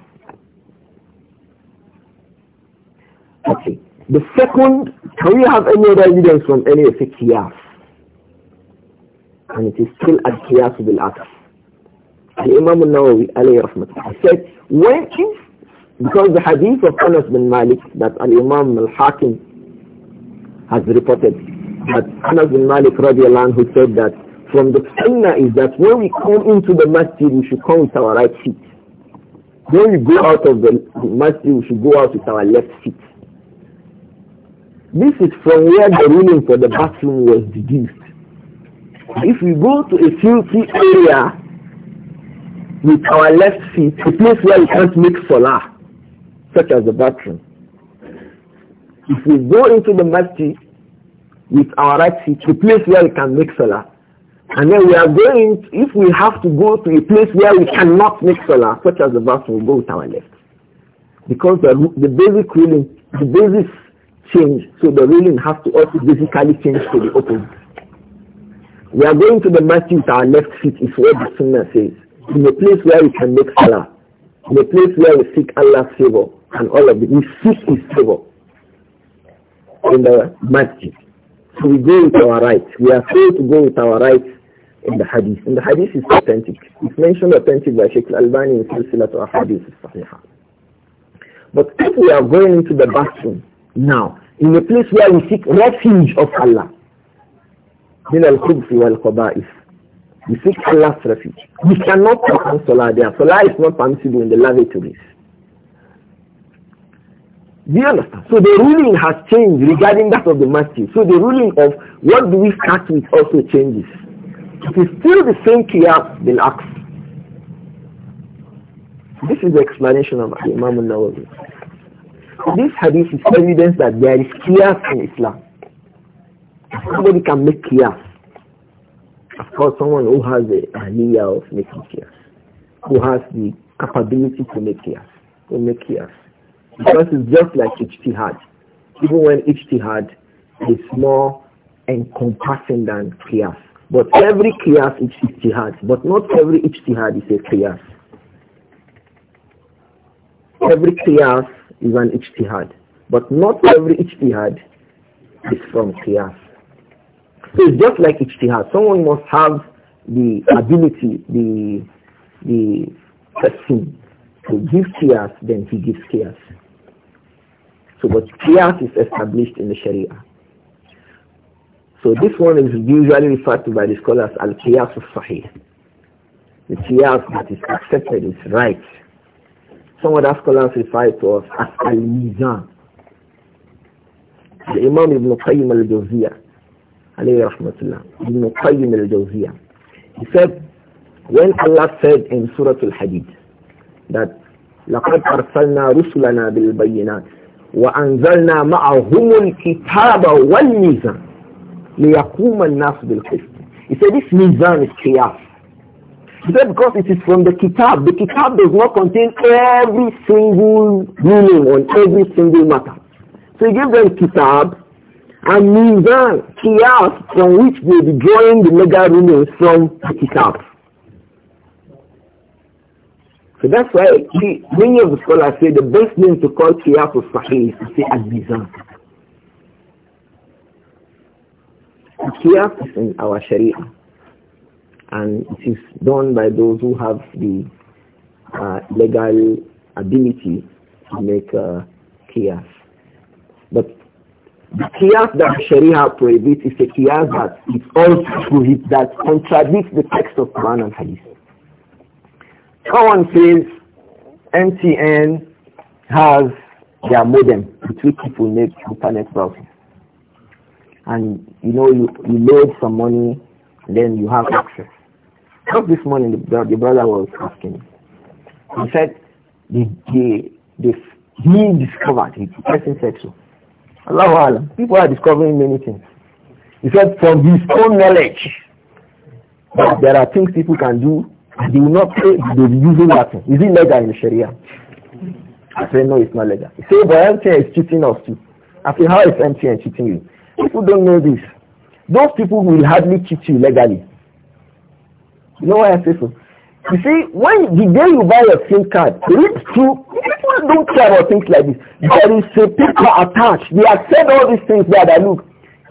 Okay. The second, can we have any other evidence from any of the qiyas? And it is still al qiyas bil aqas. Imam al Nawawi alayhi rahmatullah said, when because the hadith of Anas bin Malik that Al Imam al Hakim has reported but Anas bin Malik who said that from the sunnah is that when we come into the masjid, we should come with our right feet. When we go out of the masjid, we should go out with our left feet. This is from where the ruling for the bathroom was deduced. If we go to a filthy area with our left feet, a place where we can't make salah, such as the bathroom, if we go into the masjid with our right feet, the place where we can make salah, and then we are going, to, if we have to go to a place where we cannot make salah, such as the verse, we'll go with our left. Because the, the basic ruling, the basis change, so the ruling has to also basically change to the opposite. We are going to the masjid with our left feet, is what the sunnah says. In a place where we can make salah, in a place where we seek Allah's favor, and all of it, we seek His favor in the masjid. So we go with our rights. We are free to go with our rights in the hadith. And the hadith is authentic. It's mentioned authentic by Sheikh Al-Albani in Silsilat al-Hadith al-Sahihah. But if we are going into the bathroom now, in a place where we seek refuge of Allah, min al-khubfi wal-qaba'if, we seek Allah's refuge. We cannot perform salah there. Salah is not permissible in the lavatories. Do you understand? So the ruling has changed regarding that of the masjid. So the ruling of what do we start with also changes. It is still the same Qiyab bin Aqs. This is the explanation of Imam al-Nawawi. This hadith is evidence that there is Qiyas in Islam. Somebody can make Qiyas. Of course, someone who has the idea of making Qiyas, who has the capability to make Qiyas, to make Qiyas. Because it's just like ijtihad. Even when ijtihad is more encompassing than qiyas. But every qiyas is ijtihad. But not every ijtihad is a qiyas. Every qiyas is an ijtihad. But not every ijtihad is from qiyas. So it's just like ijtihad. Someone must have the ability, the the person to give chaos, then he gives chaos. So, but qiyas is established in the Sharia. So this one is usually referred to by the scholars al-qiyas al-sahih. The qiyas that is accepted is right. Some other scholars refer to us as al-mizan. The Imam Ibn Qayyim al-Jawziyah, alayhi rahmatullah, Ibn Qayyim al-Jawziyah, he said, when Allah said in Surah Al-Hadid that لَقَدْ أَرْسَلْنَا رُسُلَنَا بِالْبَيِّنَاتِ وأنزلنا معهم الكتاب والميزان ليقوم الناس بالقسط He said this mizan is qiyas. He said because it is from the kitab. The kitab does not contain every single meaning on every single matter. So he gave them kitab and mizan, qiyas from which they will be drawing the mega rulings from the kitab. So that's why many of the scholars say the best name to call Qiyas for sahih is to say Al-Mizan. Qiyas is in our Sharia and it is done by those who have the uh, legal ability to make uh, But the that Sharia prohibits is a Qiyas that is it's also, that contradicts the text of Quran and Hadith. Someone says MTN has their modem between people make internet browsing. And you know, you, you load some money, then you have access. Just this morning, the, the brother was asking He said, the, the, the, he discovered, the person said so. Allahu People are discovering many things. He said, from his own knowledge, there are things people can do they will not pay, they will be using Latin. Is it legal in Sharia? I say no, it's not legal. He say but MTN is cheating us too. I say how is MTN cheating you? People don't know this. Those people will hardly cheat you legally. You know why I say so? You see, when the day you buy a SIM card, it's true. People don't care about things like this. There is a paper attached. They have said all these things there that look,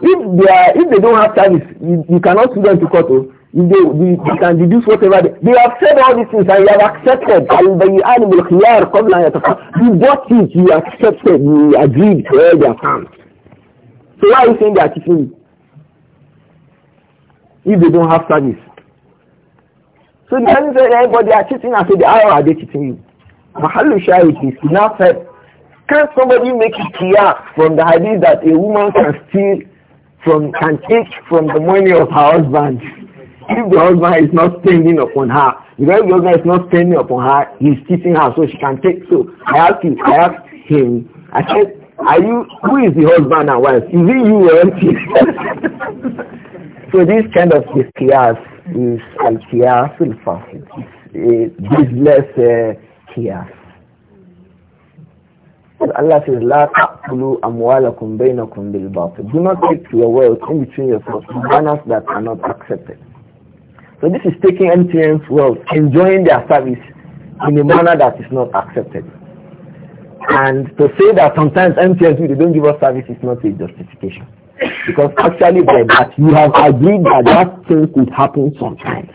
if they are, if they don't have service, you, you cannot sue them to court. Oh they, they, they can deduce whatever they, they, have said all these things and you have accepted al-bayyan bil you bought it you accepted you agreed to all their terms so why are you saying they are cheating if they don't have service so the person said everybody eh, are cheating and say the how are they cheating you mahallu shahid is now said can somebody make it clear from the hadith that a woman can steal from can take from the money of her husband if the husband is not standing upon her, if the husband is not standing upon her, he's cheating her so she can take. So I asked him, I asked him, I said, are you, who is the husband and wife? Is it you or empty? (laughs) so this kind of chaos is al-kias al-fasid. It's a business uh, kias. Allah says, La ta'kulu amwalakum بينكم بالباطل. Do not take your wealth in between yourselves, manners that are not accepted. So this is taking MTN's wealth, enjoying their service in a manner that is not accepted. And to say that sometimes MTNs, they don't give us service is not a justification. Because actually by that, you have agreed that that thing could happen sometimes.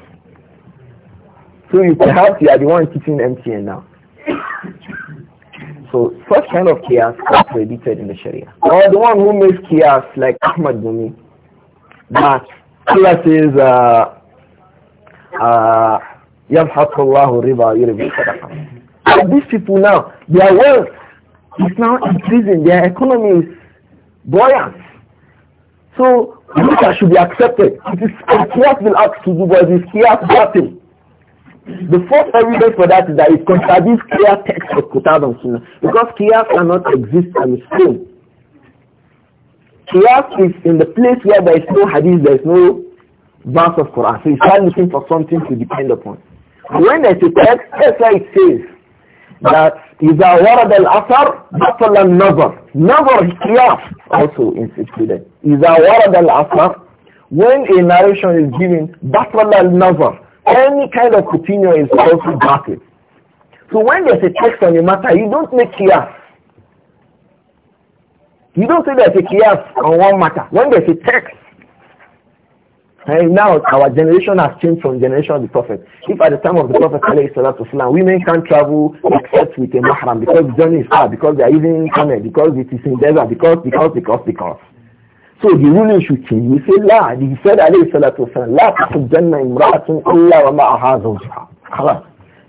So you perhaps you are the one teaching MTN now. So such kind of chaos are predicted in the Sharia. Or the one who makes chaos like Ahmad Dumi, that Allah says, uh, يَبْحَثُ اللَّهُ يُرِبِي And these people now, their wealth is now increasing, their economy is buoyant. So, Mecca should be accepted. It is has will asked to do, but it is clear nothing. The fourth evidence for that is that it contradicts clear text of Quran and Sunnah because Qiyas cannot exist on its own. Qiyas is in the place where there is no hadith, there is no verse of Quran. So you start looking for something to depend upon. When there's a text, that's why it says that إذا ورد الأثر بطل النظر. Never قياس also instituted. إذا al asar when a narration is given, and never. Any kind of opinion is also battled. So when there's a text on a matter, you don't make qiyas. You don't say there's a qiyas on one matter. When there's a text, and now our generation has changed from generation of the Prophet. If at the time of the Prophet والسلام, women can't travel except with a mahram because the journey is hard, because they are using camel, because it is in desert, because, because, because, because. So the ruling should change. We say, La, he said alayhi salatu La tahujjanna imra'atun illa wa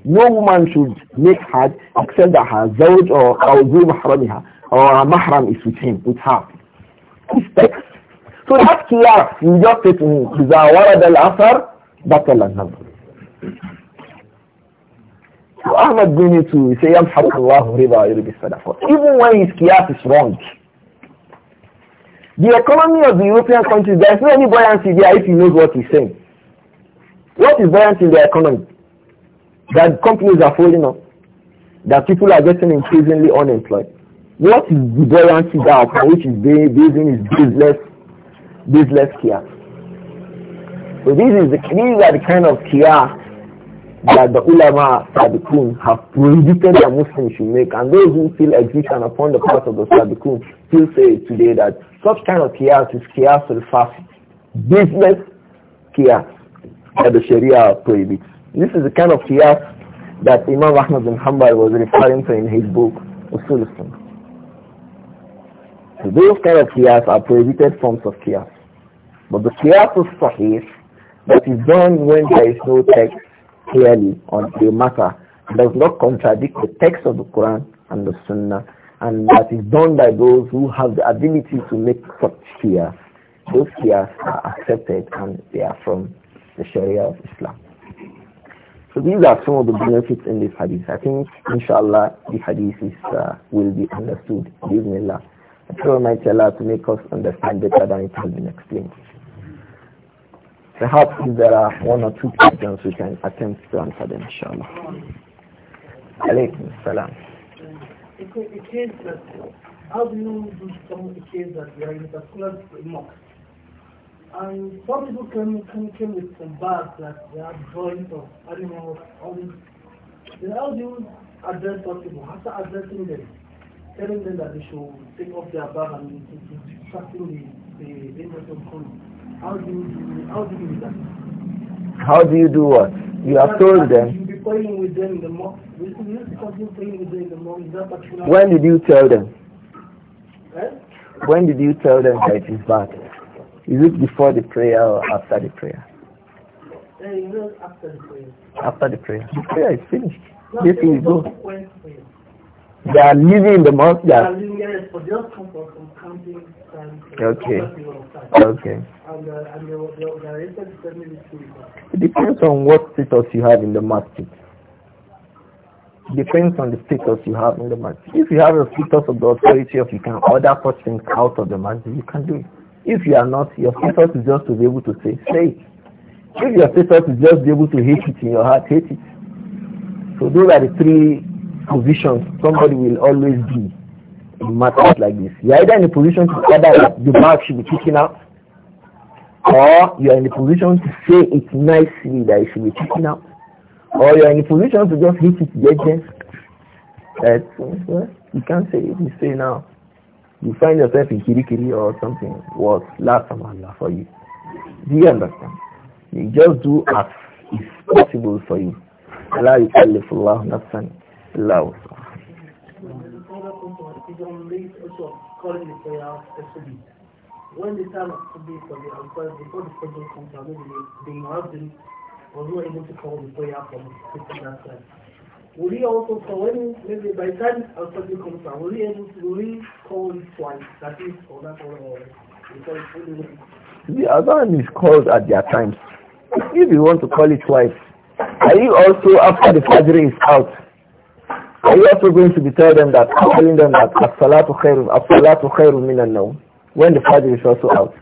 No woman should make hajj except that her zawj or or her mahram is with him, with her. This text so that khilaf, you just say to him, إِذَا وَرَدَ الْأَثَرْ بَطَلَ النَّظْرُ So Ahmad bin Yitu, he say, يَمْحَقُ اللَّهُ رِبَا يُرِبِ الصَّدَقَةِ Even when his khilaf is wrong, the economy of the European countries, there is no any buoyancy there if he knows what he's saying. What is buoyancy in the economy? That companies are falling off. that people are getting increasingly unemployed. What is the buoyancy that which is basing is business Business kia. So this is the, these are the kind of qiyas that the ulama Sadiqun have predicted that Muslims should make and those who still exist and upon the part of the Sadiqun still say today that such kind of qiyas is qiyas the fast, business qiyas that the Sharia prohibits. This is the kind of qiyas that Imam Ahmad bin Hanbal was referring to in his book Usul Sunnah. So those kind of qiyas are prohibited forms of qiyas. But the Qiyatul Sahih, that is done when there is no text clearly on the matter, does not contradict the text of the Quran and the Sunnah, and that is done by those who have the ability to make such qiyas. Those qiyas are accepted and they are from the Sharia of Islam. So these are some of the benefits in this hadith. I think, inshallah, the hadith is, uh, will be understood. Bismillah. I pray Almighty Allah to make us understand better than it has been explained. Perhaps if there are one or two questions, we can attempt to answer them, inshallah. Alaykum salam. that how do you do some cases that you are in the particular mosque? And some people came, came, came with some bags that they are drawings of animals, all this. Then how do you address such people? After addressing them, telling them that they should take off their bag and distracting the, the, the, the, how do you do, how do you do that? How do you do what? You have told them. When did you tell them? Eh? When did you tell them that it is bad? Is it before the prayer or after the prayer? Eh, after the prayer. After the prayer. The prayer is finished. this is go. They are living in the mosque. They are living just from camping. Um, okay. Okay. And, uh, and the it depends on what status you have in the market. Depends on the status you have in the market. If you have a status of the authority of you can order such things out of the market, you can do it. If you are not, your status is just to be able to say, say it. If your status is just be able to hate it in your heart, hate it. So those are the three position somebody will always be in matters like this. You are either in a position to order that the bag should be taken out, or you are in a position to say it nicely that it should be taken out, or you are in a position to just hit it judgment. That you can't say it. You say now, you find yourself in kirikiri or something was Last time for you. Do you understand? You just do as is possible for you. Allah yukallifu Allah Understand? الله When the time of for the Ansar, before the Fajr comes out, the Muazzin was not able to call the prayer from Will he also, maybe by the time Ansar comes out, will he able to, will call twice, that is, or that or, or because the is called at their times. If you want to call it twice, are you also after the Fajr is out, are you also going to be telling them that, telling them that, as-salatu khairun, as-salatu khairun minan nawm, when the Fajr is also out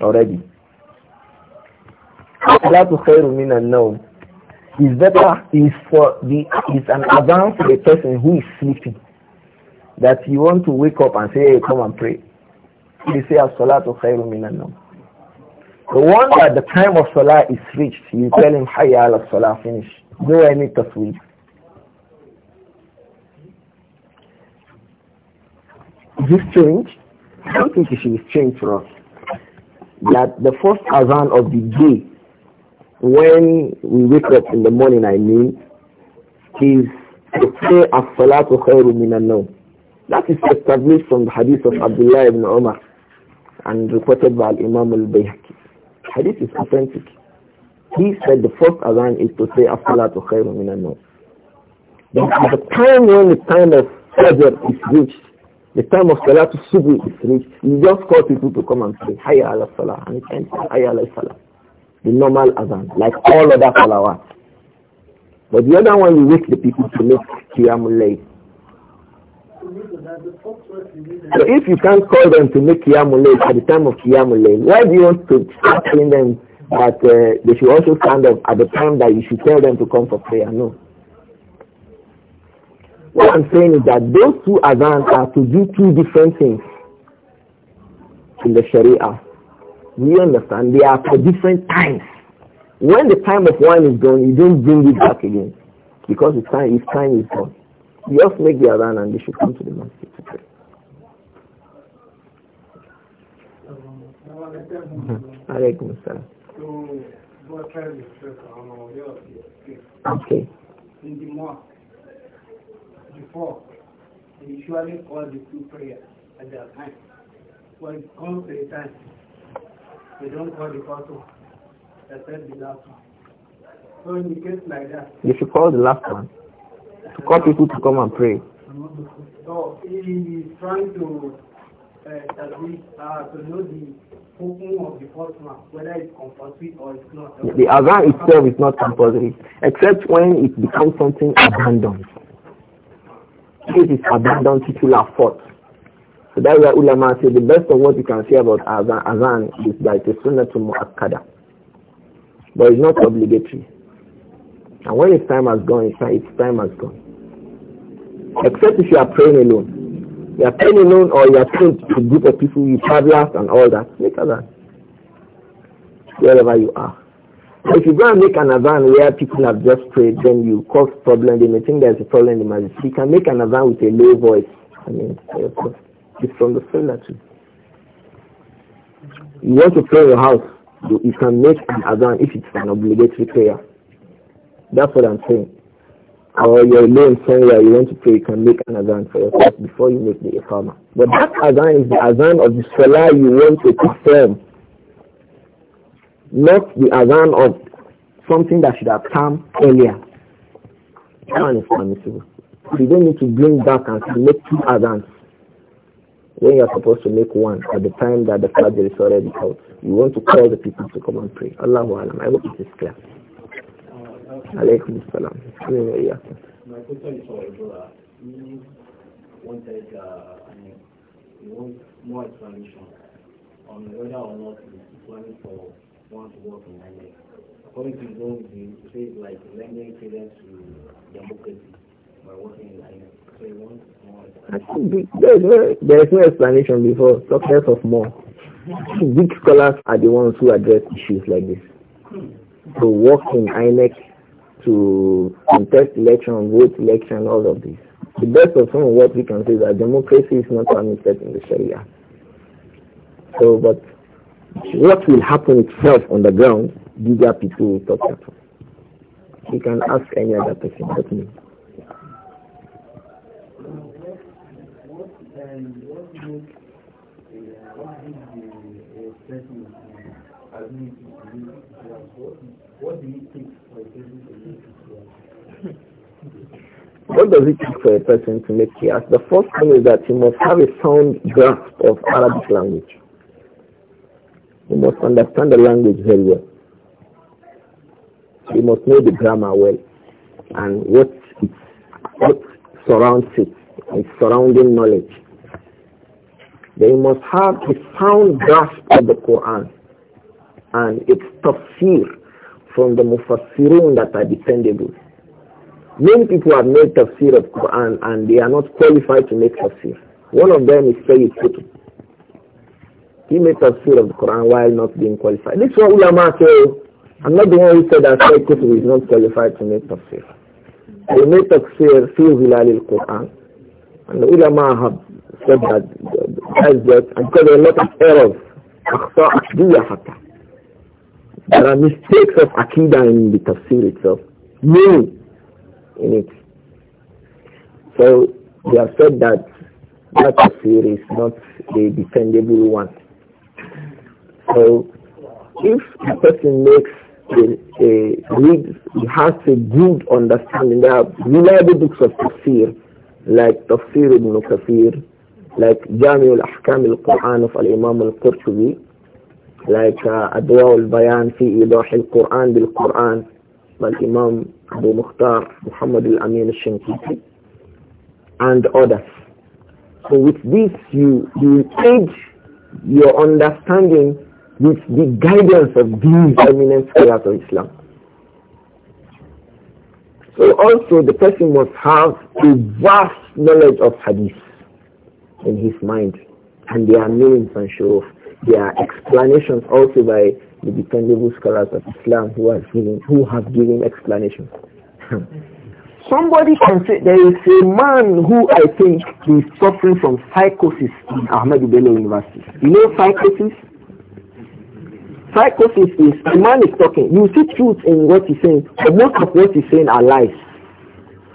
already? As-salatu khairun minan nawm is better, is for the, is an advance for the person who is sleeping. That you want to wake up and say, hey, come and pray. You say, as-salatu khairun minan nawm. The one that the time of salah is reached, you tell him, hayya ala salah, finish. need any sleep. this change. I don't think it should be strange for us. That the first azan of the day, when we wake up in the morning, I mean, is to say as-salatu khairu no. That is established from the hadith of Abdullah ibn Umar and reported by Imam al-Bayhaqi. Hadith is authentic. He said the first azan is to say as-salatu khairu minan Then at the time when the time of Fajr is reached, the time of Salah to subu is reached. You just call people to come and say, Hayya ala Salah, and it ends Hayya ala Salah. The normal azan, like all other salawat. But the other one, you wake the people to make Qiyamul Layl. So if you can't call them to make Qiyamul Layl at the time of Qiyamul Layl, why do you want to start telling them that uh, they should also stand up at the time that you should tell them to come for prayer? No. What I'm saying is that those two adhan are to do two different things in the Sharia. We understand they are for different times. When the time of one is gone, you don't bring it back again because its time, Its time is gone. You just make the adhan and they should come to the mosque to pray. Mm-hmm. Okay. In the mosque, before, they usually call the two prayers at the time. When it comes to the time, they don't call the first one. They said the last one. So in the case like that, you should call the last one to call people to come and pray. So he is trying to uh, uh to know the opening of the first one, whether it's compulsory or it's not. The, the Azan itself is not compulsory, except when it becomes something abandoned. This is abandoned titular fault. So that's why ulama say the best of what you can say about azan, azan is that it's sunnah to mu'akkada. But it's not obligatory. And when its time has gone, its time, its time has gone. Except if you are praying alone. You are praying alone or you are praying to a group of people, you travelers and all that. Make that wherever you are. If you go and make an azan where people have just prayed, then you cause problem. They may think there's a problem in the masjid. You can make an azan with a low voice. I mean, it's from the sunnah too. You want to pray your house, you, can make an adhan if it's an obligatory prayer. That's what I'm saying. Or you're alone somewhere, you want to pray, you can make an adhan for yourself before you make the iqamah. But that adhan is the adhan of the salah you want to perform not the azan of something that should have come earlier. That one is permissible. You don't need to bring back and make two azans when you're supposed to make one at the time that the Fajr is already out. You want to call the people to come and pray. Allahu Alam. I hope it is clear. Alaykum salam. My question is for you want more explanation on whether or not it's planning for want to work in Nigeria. According to his own view, like lending credit to democracy by working in Nigeria. So you want? more. There's no, there is no explanation before, talk less of more. (laughs) Big scholars are the ones who address issues like this. To work in INEC, to contest election, vote election, all of this. The best of some of what we can say is that democracy is not permitted in the Sharia. So, but what will happen itself on the ground, bigger people will talk about. You can ask any other person but me. What does it take for a person to make qiyas? The first thing is that he must have a sound grasp of Arabic language. You must understand the language very well. You must know the grammar well and what it, what surrounds it, its surrounding knowledge. They must have a sound grasp of the Quran and its tafsir from the mufassirun that are dependable. Many people have made tafsir of Quran and they are not qualified to make tafsir. One of them is Sayyid Qutb. He made tafsir of the Quran while not being qualified. This is what ulama say. Oh. I'm not the one who said that Sayyid Qutb is not qualified to make tafsir. He made tafsir fi zilal al-Quran. And the ulama have said that that's that and because there are a lot of errors. There are mistakes of Akida in the tafsir itself. Many in it. So they have said that that tafsir is not a defendable one. So if a person makes a, a reads, has a good understanding, there are reliable books of tafsir, like Tafsir ibn Kathir, like Jami al-Ahkam al-Quran of al-Imam al-Qurtubi, like uh, Adwa al-Bayan fi Idah al-Quran bil-Quran by Imam Abu Mukhtar Muhammad al-Amin al-Shinkiti, and others. So with this, you, you aid your understanding with the guidance of these eminent scholars of Islam. So also the person must have a vast knowledge of hadith in his mind and are meanings and show their explanations also by the dependable scholars of Islam who have given, who have given explanations. (laughs) Somebody can say there is a man who I think is suffering from psychosis in Ahmed Bello University. You know psychosis? Psychosis is a man is talking. You see truth in what he's saying, but most of what he's saying are lies,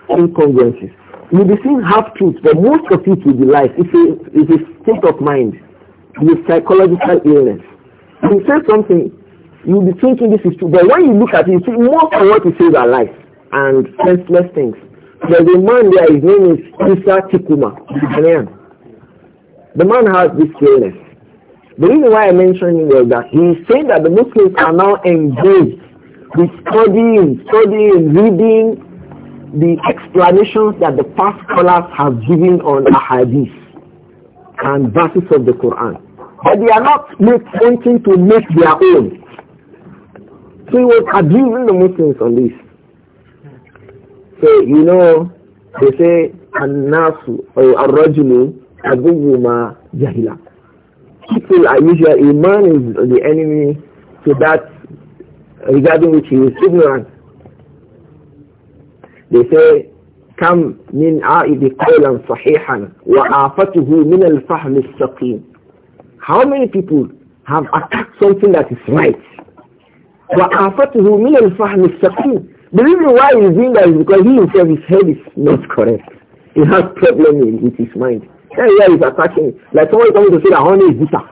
incongruences. You'll be seeing half truth, but most of it will be lies. It's a, it's a state of mind. It's a psychological illness. You say something, you'll be thinking this is true, but when you look at it, you see most of what he says are lies and senseless things. There's a man there, his name is Isa Tikuma, Ghanaian. The man has this illness. The reason why I mentioned it was that he said that the Muslims are now engaged with studying, studying, reading the explanations that the past scholars have given on ahadith and verses of the Quran. But they are not wanting to make their own. So he was abusing the Muslims on this. So, you know, they say, الناس أو الرجل أبو ما جهلا people are usually, a man is the enemy to that regarding which he is ignorant. They say, كم من عائد قولا صحيحا وآفته من الفهم السقيم How many people have attacked something that is right? وآفته من الفهم السقيم The reason why he's doing that is because he himself, his head is not correct. He has problem with his mind. Everywhere is attacking. Like someone is coming to say that honey is bitter.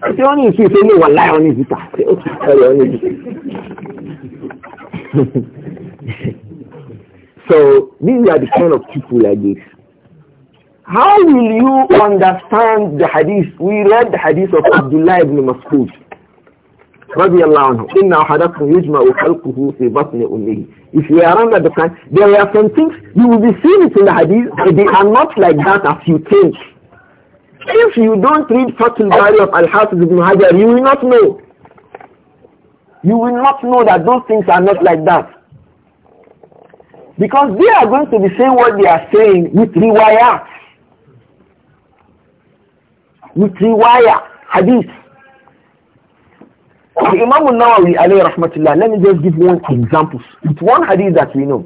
I say honey is sweet. Say no, one lie honey is bitter. I say okay, sorry, honey is bitter. (laughs) so these are the kind of people like this. How will you understand the hadith? We read the hadith of Abdullah ibn Mas'ud. رضي الله عنه إن أحدكم يجمع خلقه في بطن أمه if you are under the time there are some things you will be seeing it in the hadith they are not like that as you think if you don't read Fatul Bari of Al-Hafiz ibn Hajar you will not know you will not know that those things are not like that because they are going to be saying what they are saying with riwayat with riwayat hadith the Imam nawawi alayhi rahmatullah, let me just give one example. It's one hadith that we know.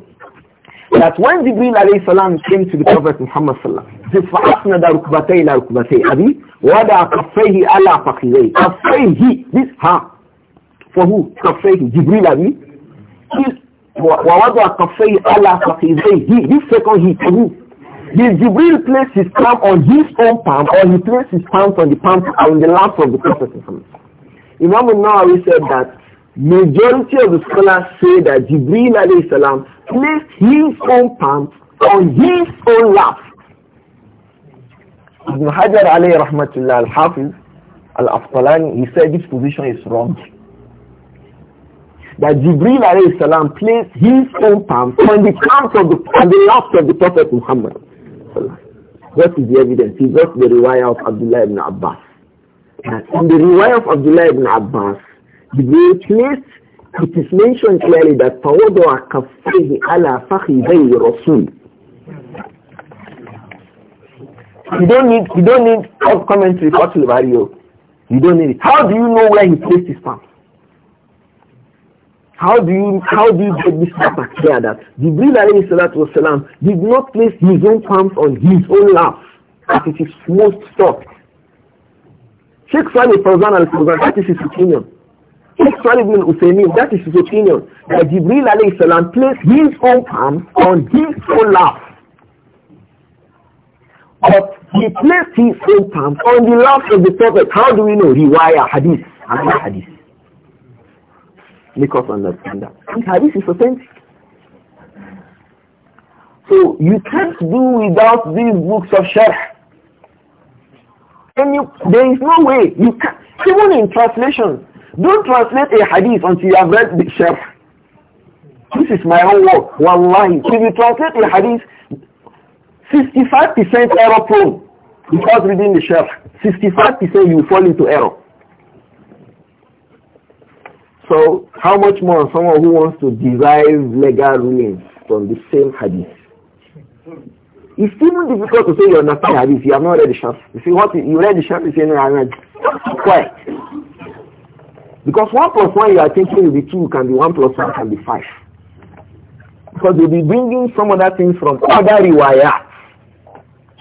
That when Jibreel alayhi salam came to the Prophet Muhammad sallallahu alayhi wa sallam, فَأَسْنَدَ رُكْبَتَيْ لَا رُكْبَتَيْ أَبِي وَدَى كَفَّيْهِ عَلَى فَخِذَيْهِ كَفَّيْهِ This ha. For who? كَفَّيْهِ Jibreel abi. وَوَدَى كَفَّيْهِ عَلى فَخِذَيْهِ This second he. For who? Did Jibreel place his palm on his own palm or he placed his palm on the palm on the lap of the Prophet Muhammad Imam nawawi said that majority of the scholars say that Jibril alayhi salam placed his own palm on his own lap. Ibn Hajar alayhi rahmatullah al-Hafiz al-Aftalani, he said this position is wrong. That Jibril alayhi salam placed his own palm on the palms of the, on the of the Prophet Muhammad. What is the evidence? He got the riwayah of Abdullah ibn Abbas in the riwayah of Abdullah ibn Abbas, the place it is mentioned clearly that فَوَضَعَ كَفَّيْهِ عَلَى فَخِذَيْ رَسُولِ You don't need, you don't need commentary for Tulvario. Oh. You don't need it. How do you know where he placed his palm? How do you, how do you get this matter clear that Jibril alayhi salatu wasalam did not place his own palms on his own lap as it is most thought Sheikh Salih Fawzan al-Fawzan, that is his opinion. Sheikh Salih ibn Uthaymeen, that is his opinion. That Jibreel alayhi salam placed his own palm on his own lap. But he placed his own palm on the lap of the Prophet. How do we know? Riwayah, hadith, and hadith. Make us understand that. And hadith is authentic. So you can't do without these books of Sharh. And you, there is no way you can even in translation. Don't translate a hadith until you have read the shelf. This is my own work. Wallahi. If you translate a hadith, 65% error prone because reading the shelf. 65% you fall into error. So how much more someone who wants to derive legal rulings from the same hadith? It's even difficult to say you understand hadith. You have not read the Shams. You see what you, you read the Shams, you say no, I read. Why? Because one plus one you are thinking will be two, can be one plus one, can be five. Because they'll be bringing some other things from other riwayat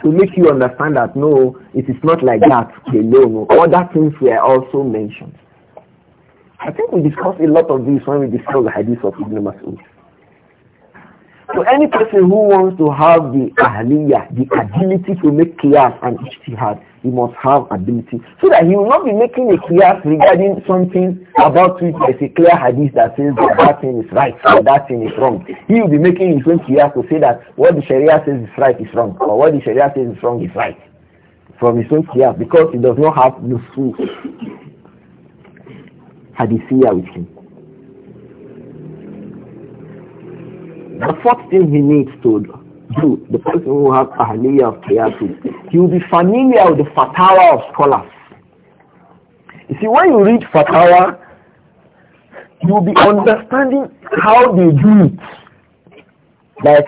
to make you understand that no, it is not like that alone. Other things were also mentioned. I think we discussed a lot of this when we discussed the hadith of Ibn Mas'ud. So any person who wants to have the ahliyah, the ability to make qiyas and ijtihad, he must have ability. So that he will not be making a qiyas regarding something about which there is a clear hadith that says that that thing is right or that thing is wrong. He will be making his own qiyas to say that what the sharia says is right is wrong or what the sharia says is wrong is right from his own qiyas because he does not have the full hadithiyah with him. The fourth thing he needs to do, the person who has ahliya of Qiyasu, he will be familiar with the fatwa of scholars. You see, when you read fatwa, you will be understanding how they do it. Like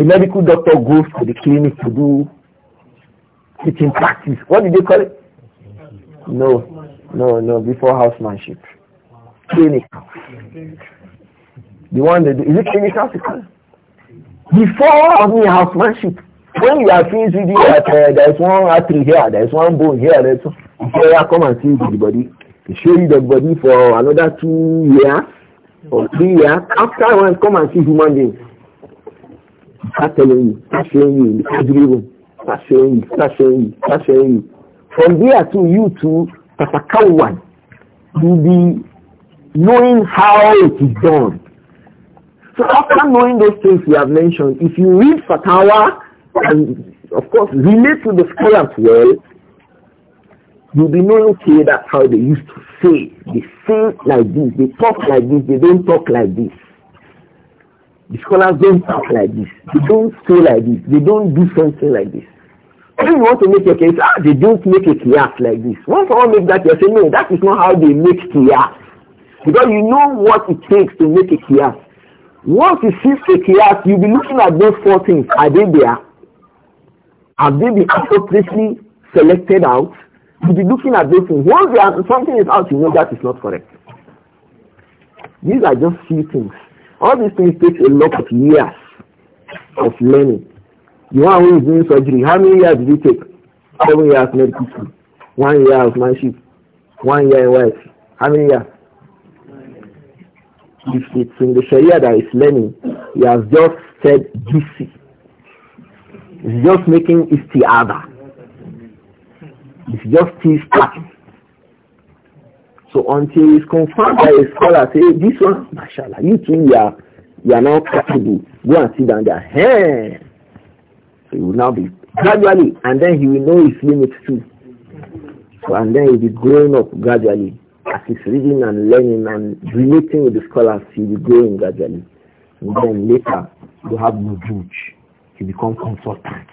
a medical doctor goes to the clinic to do teaching practice. What did they call it? No, no, no, before housemanship. Clinic. The one that is do, is it clinical sickness? Before me housemanship, when you are finished reading that uh, there is one artery here, there is one bone here, there is one, here, come and see the body. They show you the body for another two years or three years. After one, come and see human beings. Start telling you, start showing you in the surgery room. Start showing you, start showing you, start showing you. From there to you to Tatakawan, you'll be knowing how it is done. So after knowing those things we have mentioned, if you read Fatawa and of course relate to the scholars well, you'll be knowing, okay, that's how they used to say. They say like this, they talk like this, they don't talk like this. The scholars don't talk like this. They don't say like this. They don't do something like this. When you want to make a case, ah, they don't make a kiyas like this. Once someone make that, you say, no, that is not how they make kiyas. Because you know what it takes to make a kiyas. Once you see Fikiat, you'll be looking at those four things. Are they there? Have they been appropriately selected out? You'll be looking at those things. Once are, something is out, you know that is not correct. These are just few things. All these things take a lot of years of learning. The one who is doing surgery. How many years did he take? Seven years medical school. One year of manship. One year in wife. How many years? If it's in the Sharia that is learning, he has just said this. He's just making istiada. It's just his touch. So until it's confirmed by a scholar, say, this one, mashallah, you two, you are, you are now capable. Go and sit down there. Hey! So will now be gradually, and then he will know his limits too. So, and then he'll be growing up gradually. As he's reading and learning and relating with the scholars, he will grow growing gradually. And then later, you have Nujuj. He become consultant.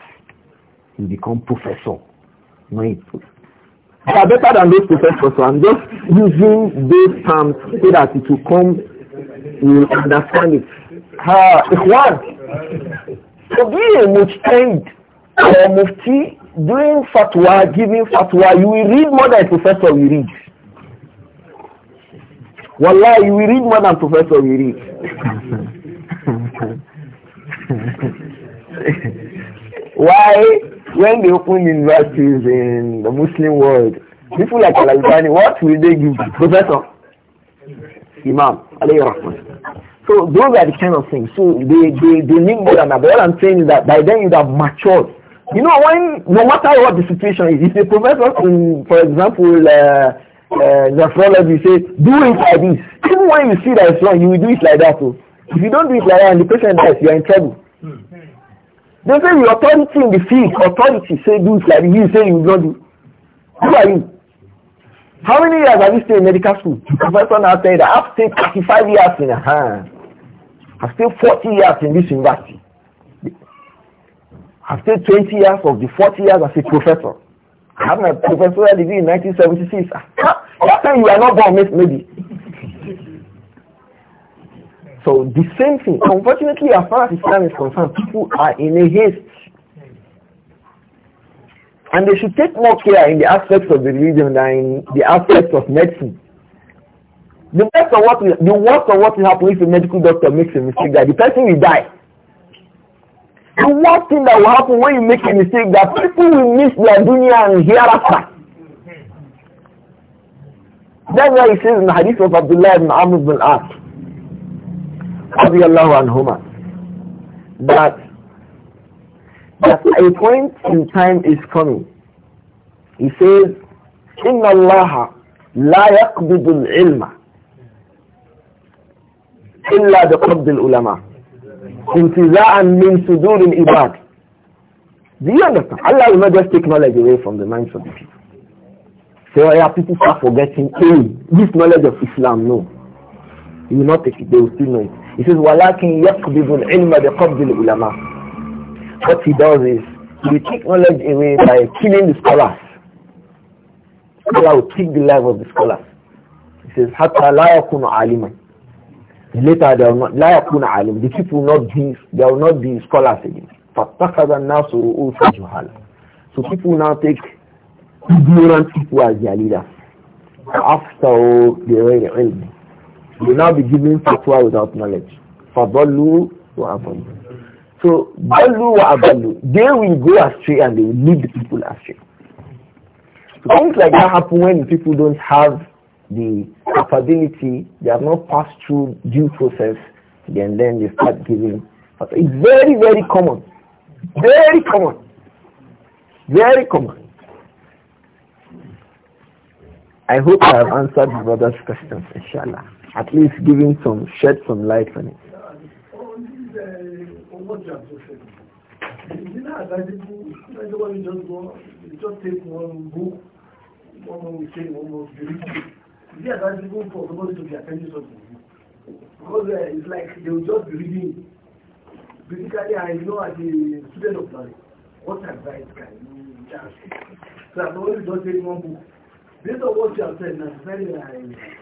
He become professor. Right? They are better than those professors. So I'm just using those terms so that it will come, you will understand it. Ha, ah, Ikhwan. So being a mujtahid or mufti, doing fatwa, giving fatwa, you will read more than a professor will read. Wallahi, we read more than professor we read. Why? When they open universities in the Muslim world, people like Al-Albani, what will they give Professor? Imam, rahman. So those are the kind of things. So they, they, they need more than that. But what I'm saying is that by then you have matured. You know, when no matter what the situation is, if the professor in, for example, uh, uh, eh, nephrology say do it like this even when you see that it's wrong you will do it like that too oh. if you don't do it like that and the patient dies you are in trouble they say the authority in the field authority say do it like this you say you will not do who are you how many years have you stayed in medical school the professor now tell you that i've stayed 35 years in a uh-huh. hand i've stayed 40 years in this university i've stayed 20 years of the 40 years as a professor I have my professorial degree in 1976. Ah, ah, that time you are not born, maybe. so the same thing. Unfortunately, as far as Islam is concerned, people are in a haste. And they should take more care in the aspects of the religion than in the aspects of medicine. The best of what the worst of what will happen if a medical doctor makes a mistake that the person will die. The one thing that will happen when you make a mistake that people will miss their dunya and hereafter. That's why he says in the hadith of Abdullah ibn Amr ibn al-As, radiallahu anhuma, that, that a point in time is coming. He says, إِنَّ اللَّهَ لَا يَقْبِضُ الْعِلْمَ إِلَّا بِقَبْضِ الْعُلَمَاءِ intiza'an min in ibad. Do you understand? Allah will not just take knowledge away from the minds of the people. So are people start forgetting, hey, this knowledge of Islam, no. You will not take it, they will still know it. He says, وَلَكِنْ يَقْبِضُ الْعِلْمَ بِقَبْضِ الْعُلَمَاءِ What he does is, he will take knowledge away by killing the scholars. Allah will take the life of the scholars. He says, حَتَّى لَا يَكُنُ عَالِمًا Later, they will not, لا يكون عالم. The people will not be, they will not be scholars again. فاتخذ الناس رؤوس جهالا. So people now take ignorant people as their leaders. After the ilm, they now be giving fatwa without knowledge. فضلوا وأضلوا. So Balu wa Abalu, they will go astray and they will lead the people astray. So things like that happen when people don't have the capability, they have not passed through due process, and then they start giving. But it's very, very common. Very common. Very common. I hope I have answered the brother's questions, inshallah. At least giving some, shed some light on it. not advisable. just take one book, one one they are not even for somebody to be attending something. Because uh, it's like they will just be reading. Basically, I know as a student of life, what advice can you just So I've always just taken one book. Based on what you are saying, very uh,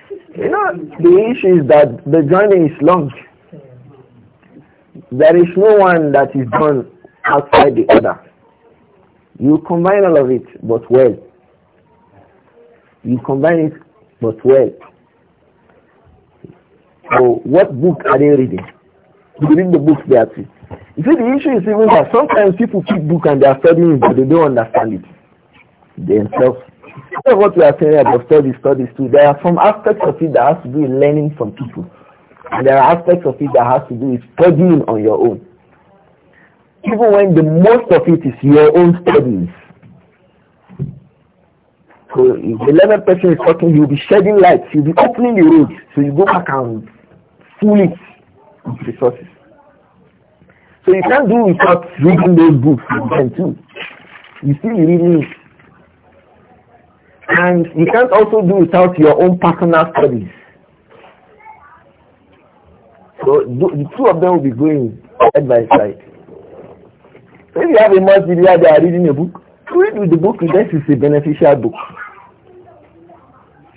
You know, the issue is that the journey is long. There is no one that is done outside the other. You combine all of it, but well. You combine it but well. So what book are they reading? You read the books they are You see, the issue is even that sometimes people keep book and they are studying but they don't understand it themselves. So what we are saying about study, studies too, there are some aspects of it that has to do with learning from people. And there are aspects of it that has to do with studying on your own. Even when the most of it is your own studies, so if the level person is talking, you'll be shedding light, you'll be opening the road, so you go back and fool it with resources. So you can't do without reading those books can too. You still need it. And you can't also do without your own personal studies. So the two of them will be going side by side. So if you have a month, you are reading a book, read with the book, this is a beneficial book.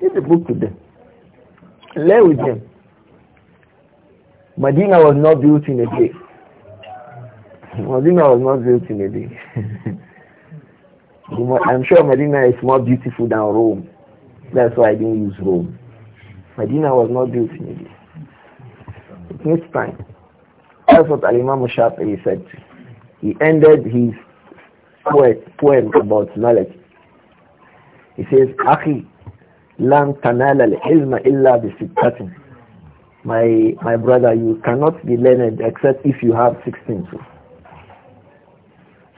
Read the book to them. Learn with them. Medina was not built in a day. Medina was not built in a day. (laughs) I'm sure Medina is more beautiful than Rome. That's why I didn't use Rome. Medina was not built in a day. It needs time. That's what Al-Imam said. He ended his poet, poem about knowledge. He says, لَن تَنَالَ الْحِلْمَ إِلَّا بِسِتَّةٍ My, my brother, you cannot be learned except if you have 16. So,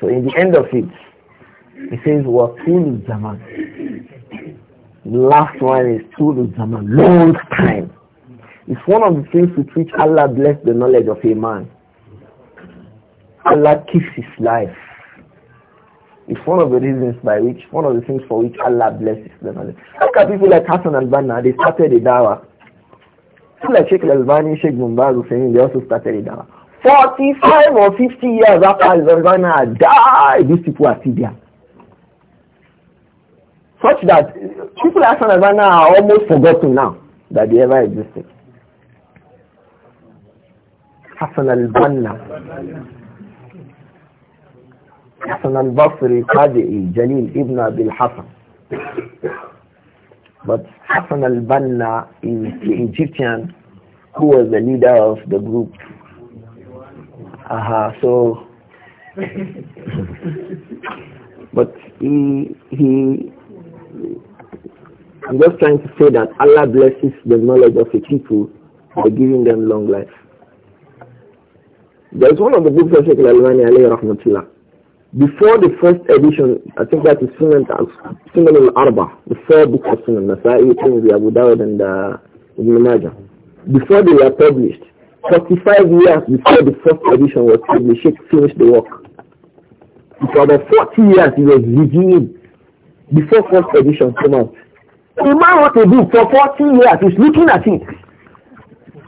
so in the end of it, he says, وَطُولُ zaman. The last one is طُولُ zaman, long time. It's one of the things with which Allah bless the knowledge of a man. Allah keeps his life. It's one of the reasons by which, one of the things for which Allah blesses them. Look at people like Hassan al-Banna, they started a dawah. People like Sheikh al-Albani, Sheikh Mumbaz Hussein, they also started a dawah. 45 or 50 years after al-Albani died, these people are still there. Such that people like Hassan al-Banna are almost forgotten now that they ever existed. Hassan al-Banna. Hassan al-Basri Tabi'i Jalil ibn Abil Hassan. But Hassan al-Banna is the Egyptian who was the leader of the group. Aha, uh -huh, so (laughs) but he he I'm just trying to say that Allah blesses the knowledge of the people by giving them long life. There's one of the books of Sheikh Al-Albani alayhi rahmatullah before the first edition, I think that is Sunan uh, al-Arba, the four books of Sunan Nasa'i, Tirmidhi, Abu Dawud, and uh, Majah. Before they were published, 45 years before the first edition was published, Sheikh finished the work. For about 40 years he was reviewing before first edition came out. The man wrote a book for 40 years, he's looking at it.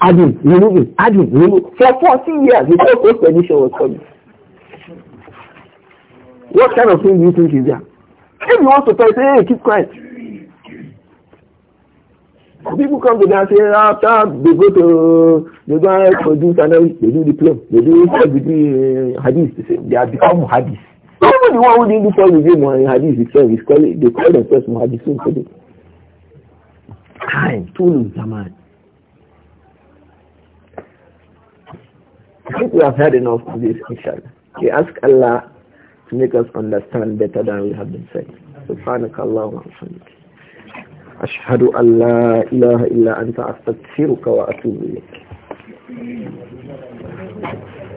Adding, removing, adding, removing. For 40 years before first edition was published. What kind of thing do you think is there? If you want to pray, say, hey, keep quiet. People come to them and say, after they go to, they go and produce and they do the play. they do the uh, hadith, they, say, they have become hadith. Even the one who didn't do four degree in hadith itself is called, they call themselves muhadithun today. Time, tulu zaman. I think we have had enough of this, inshallah. We ask Allah to make us understand better than we have been said. سبحانك اللهم وبحمدك أشهد أن لا إله إلا أنت أستغفرك وأتوب إليك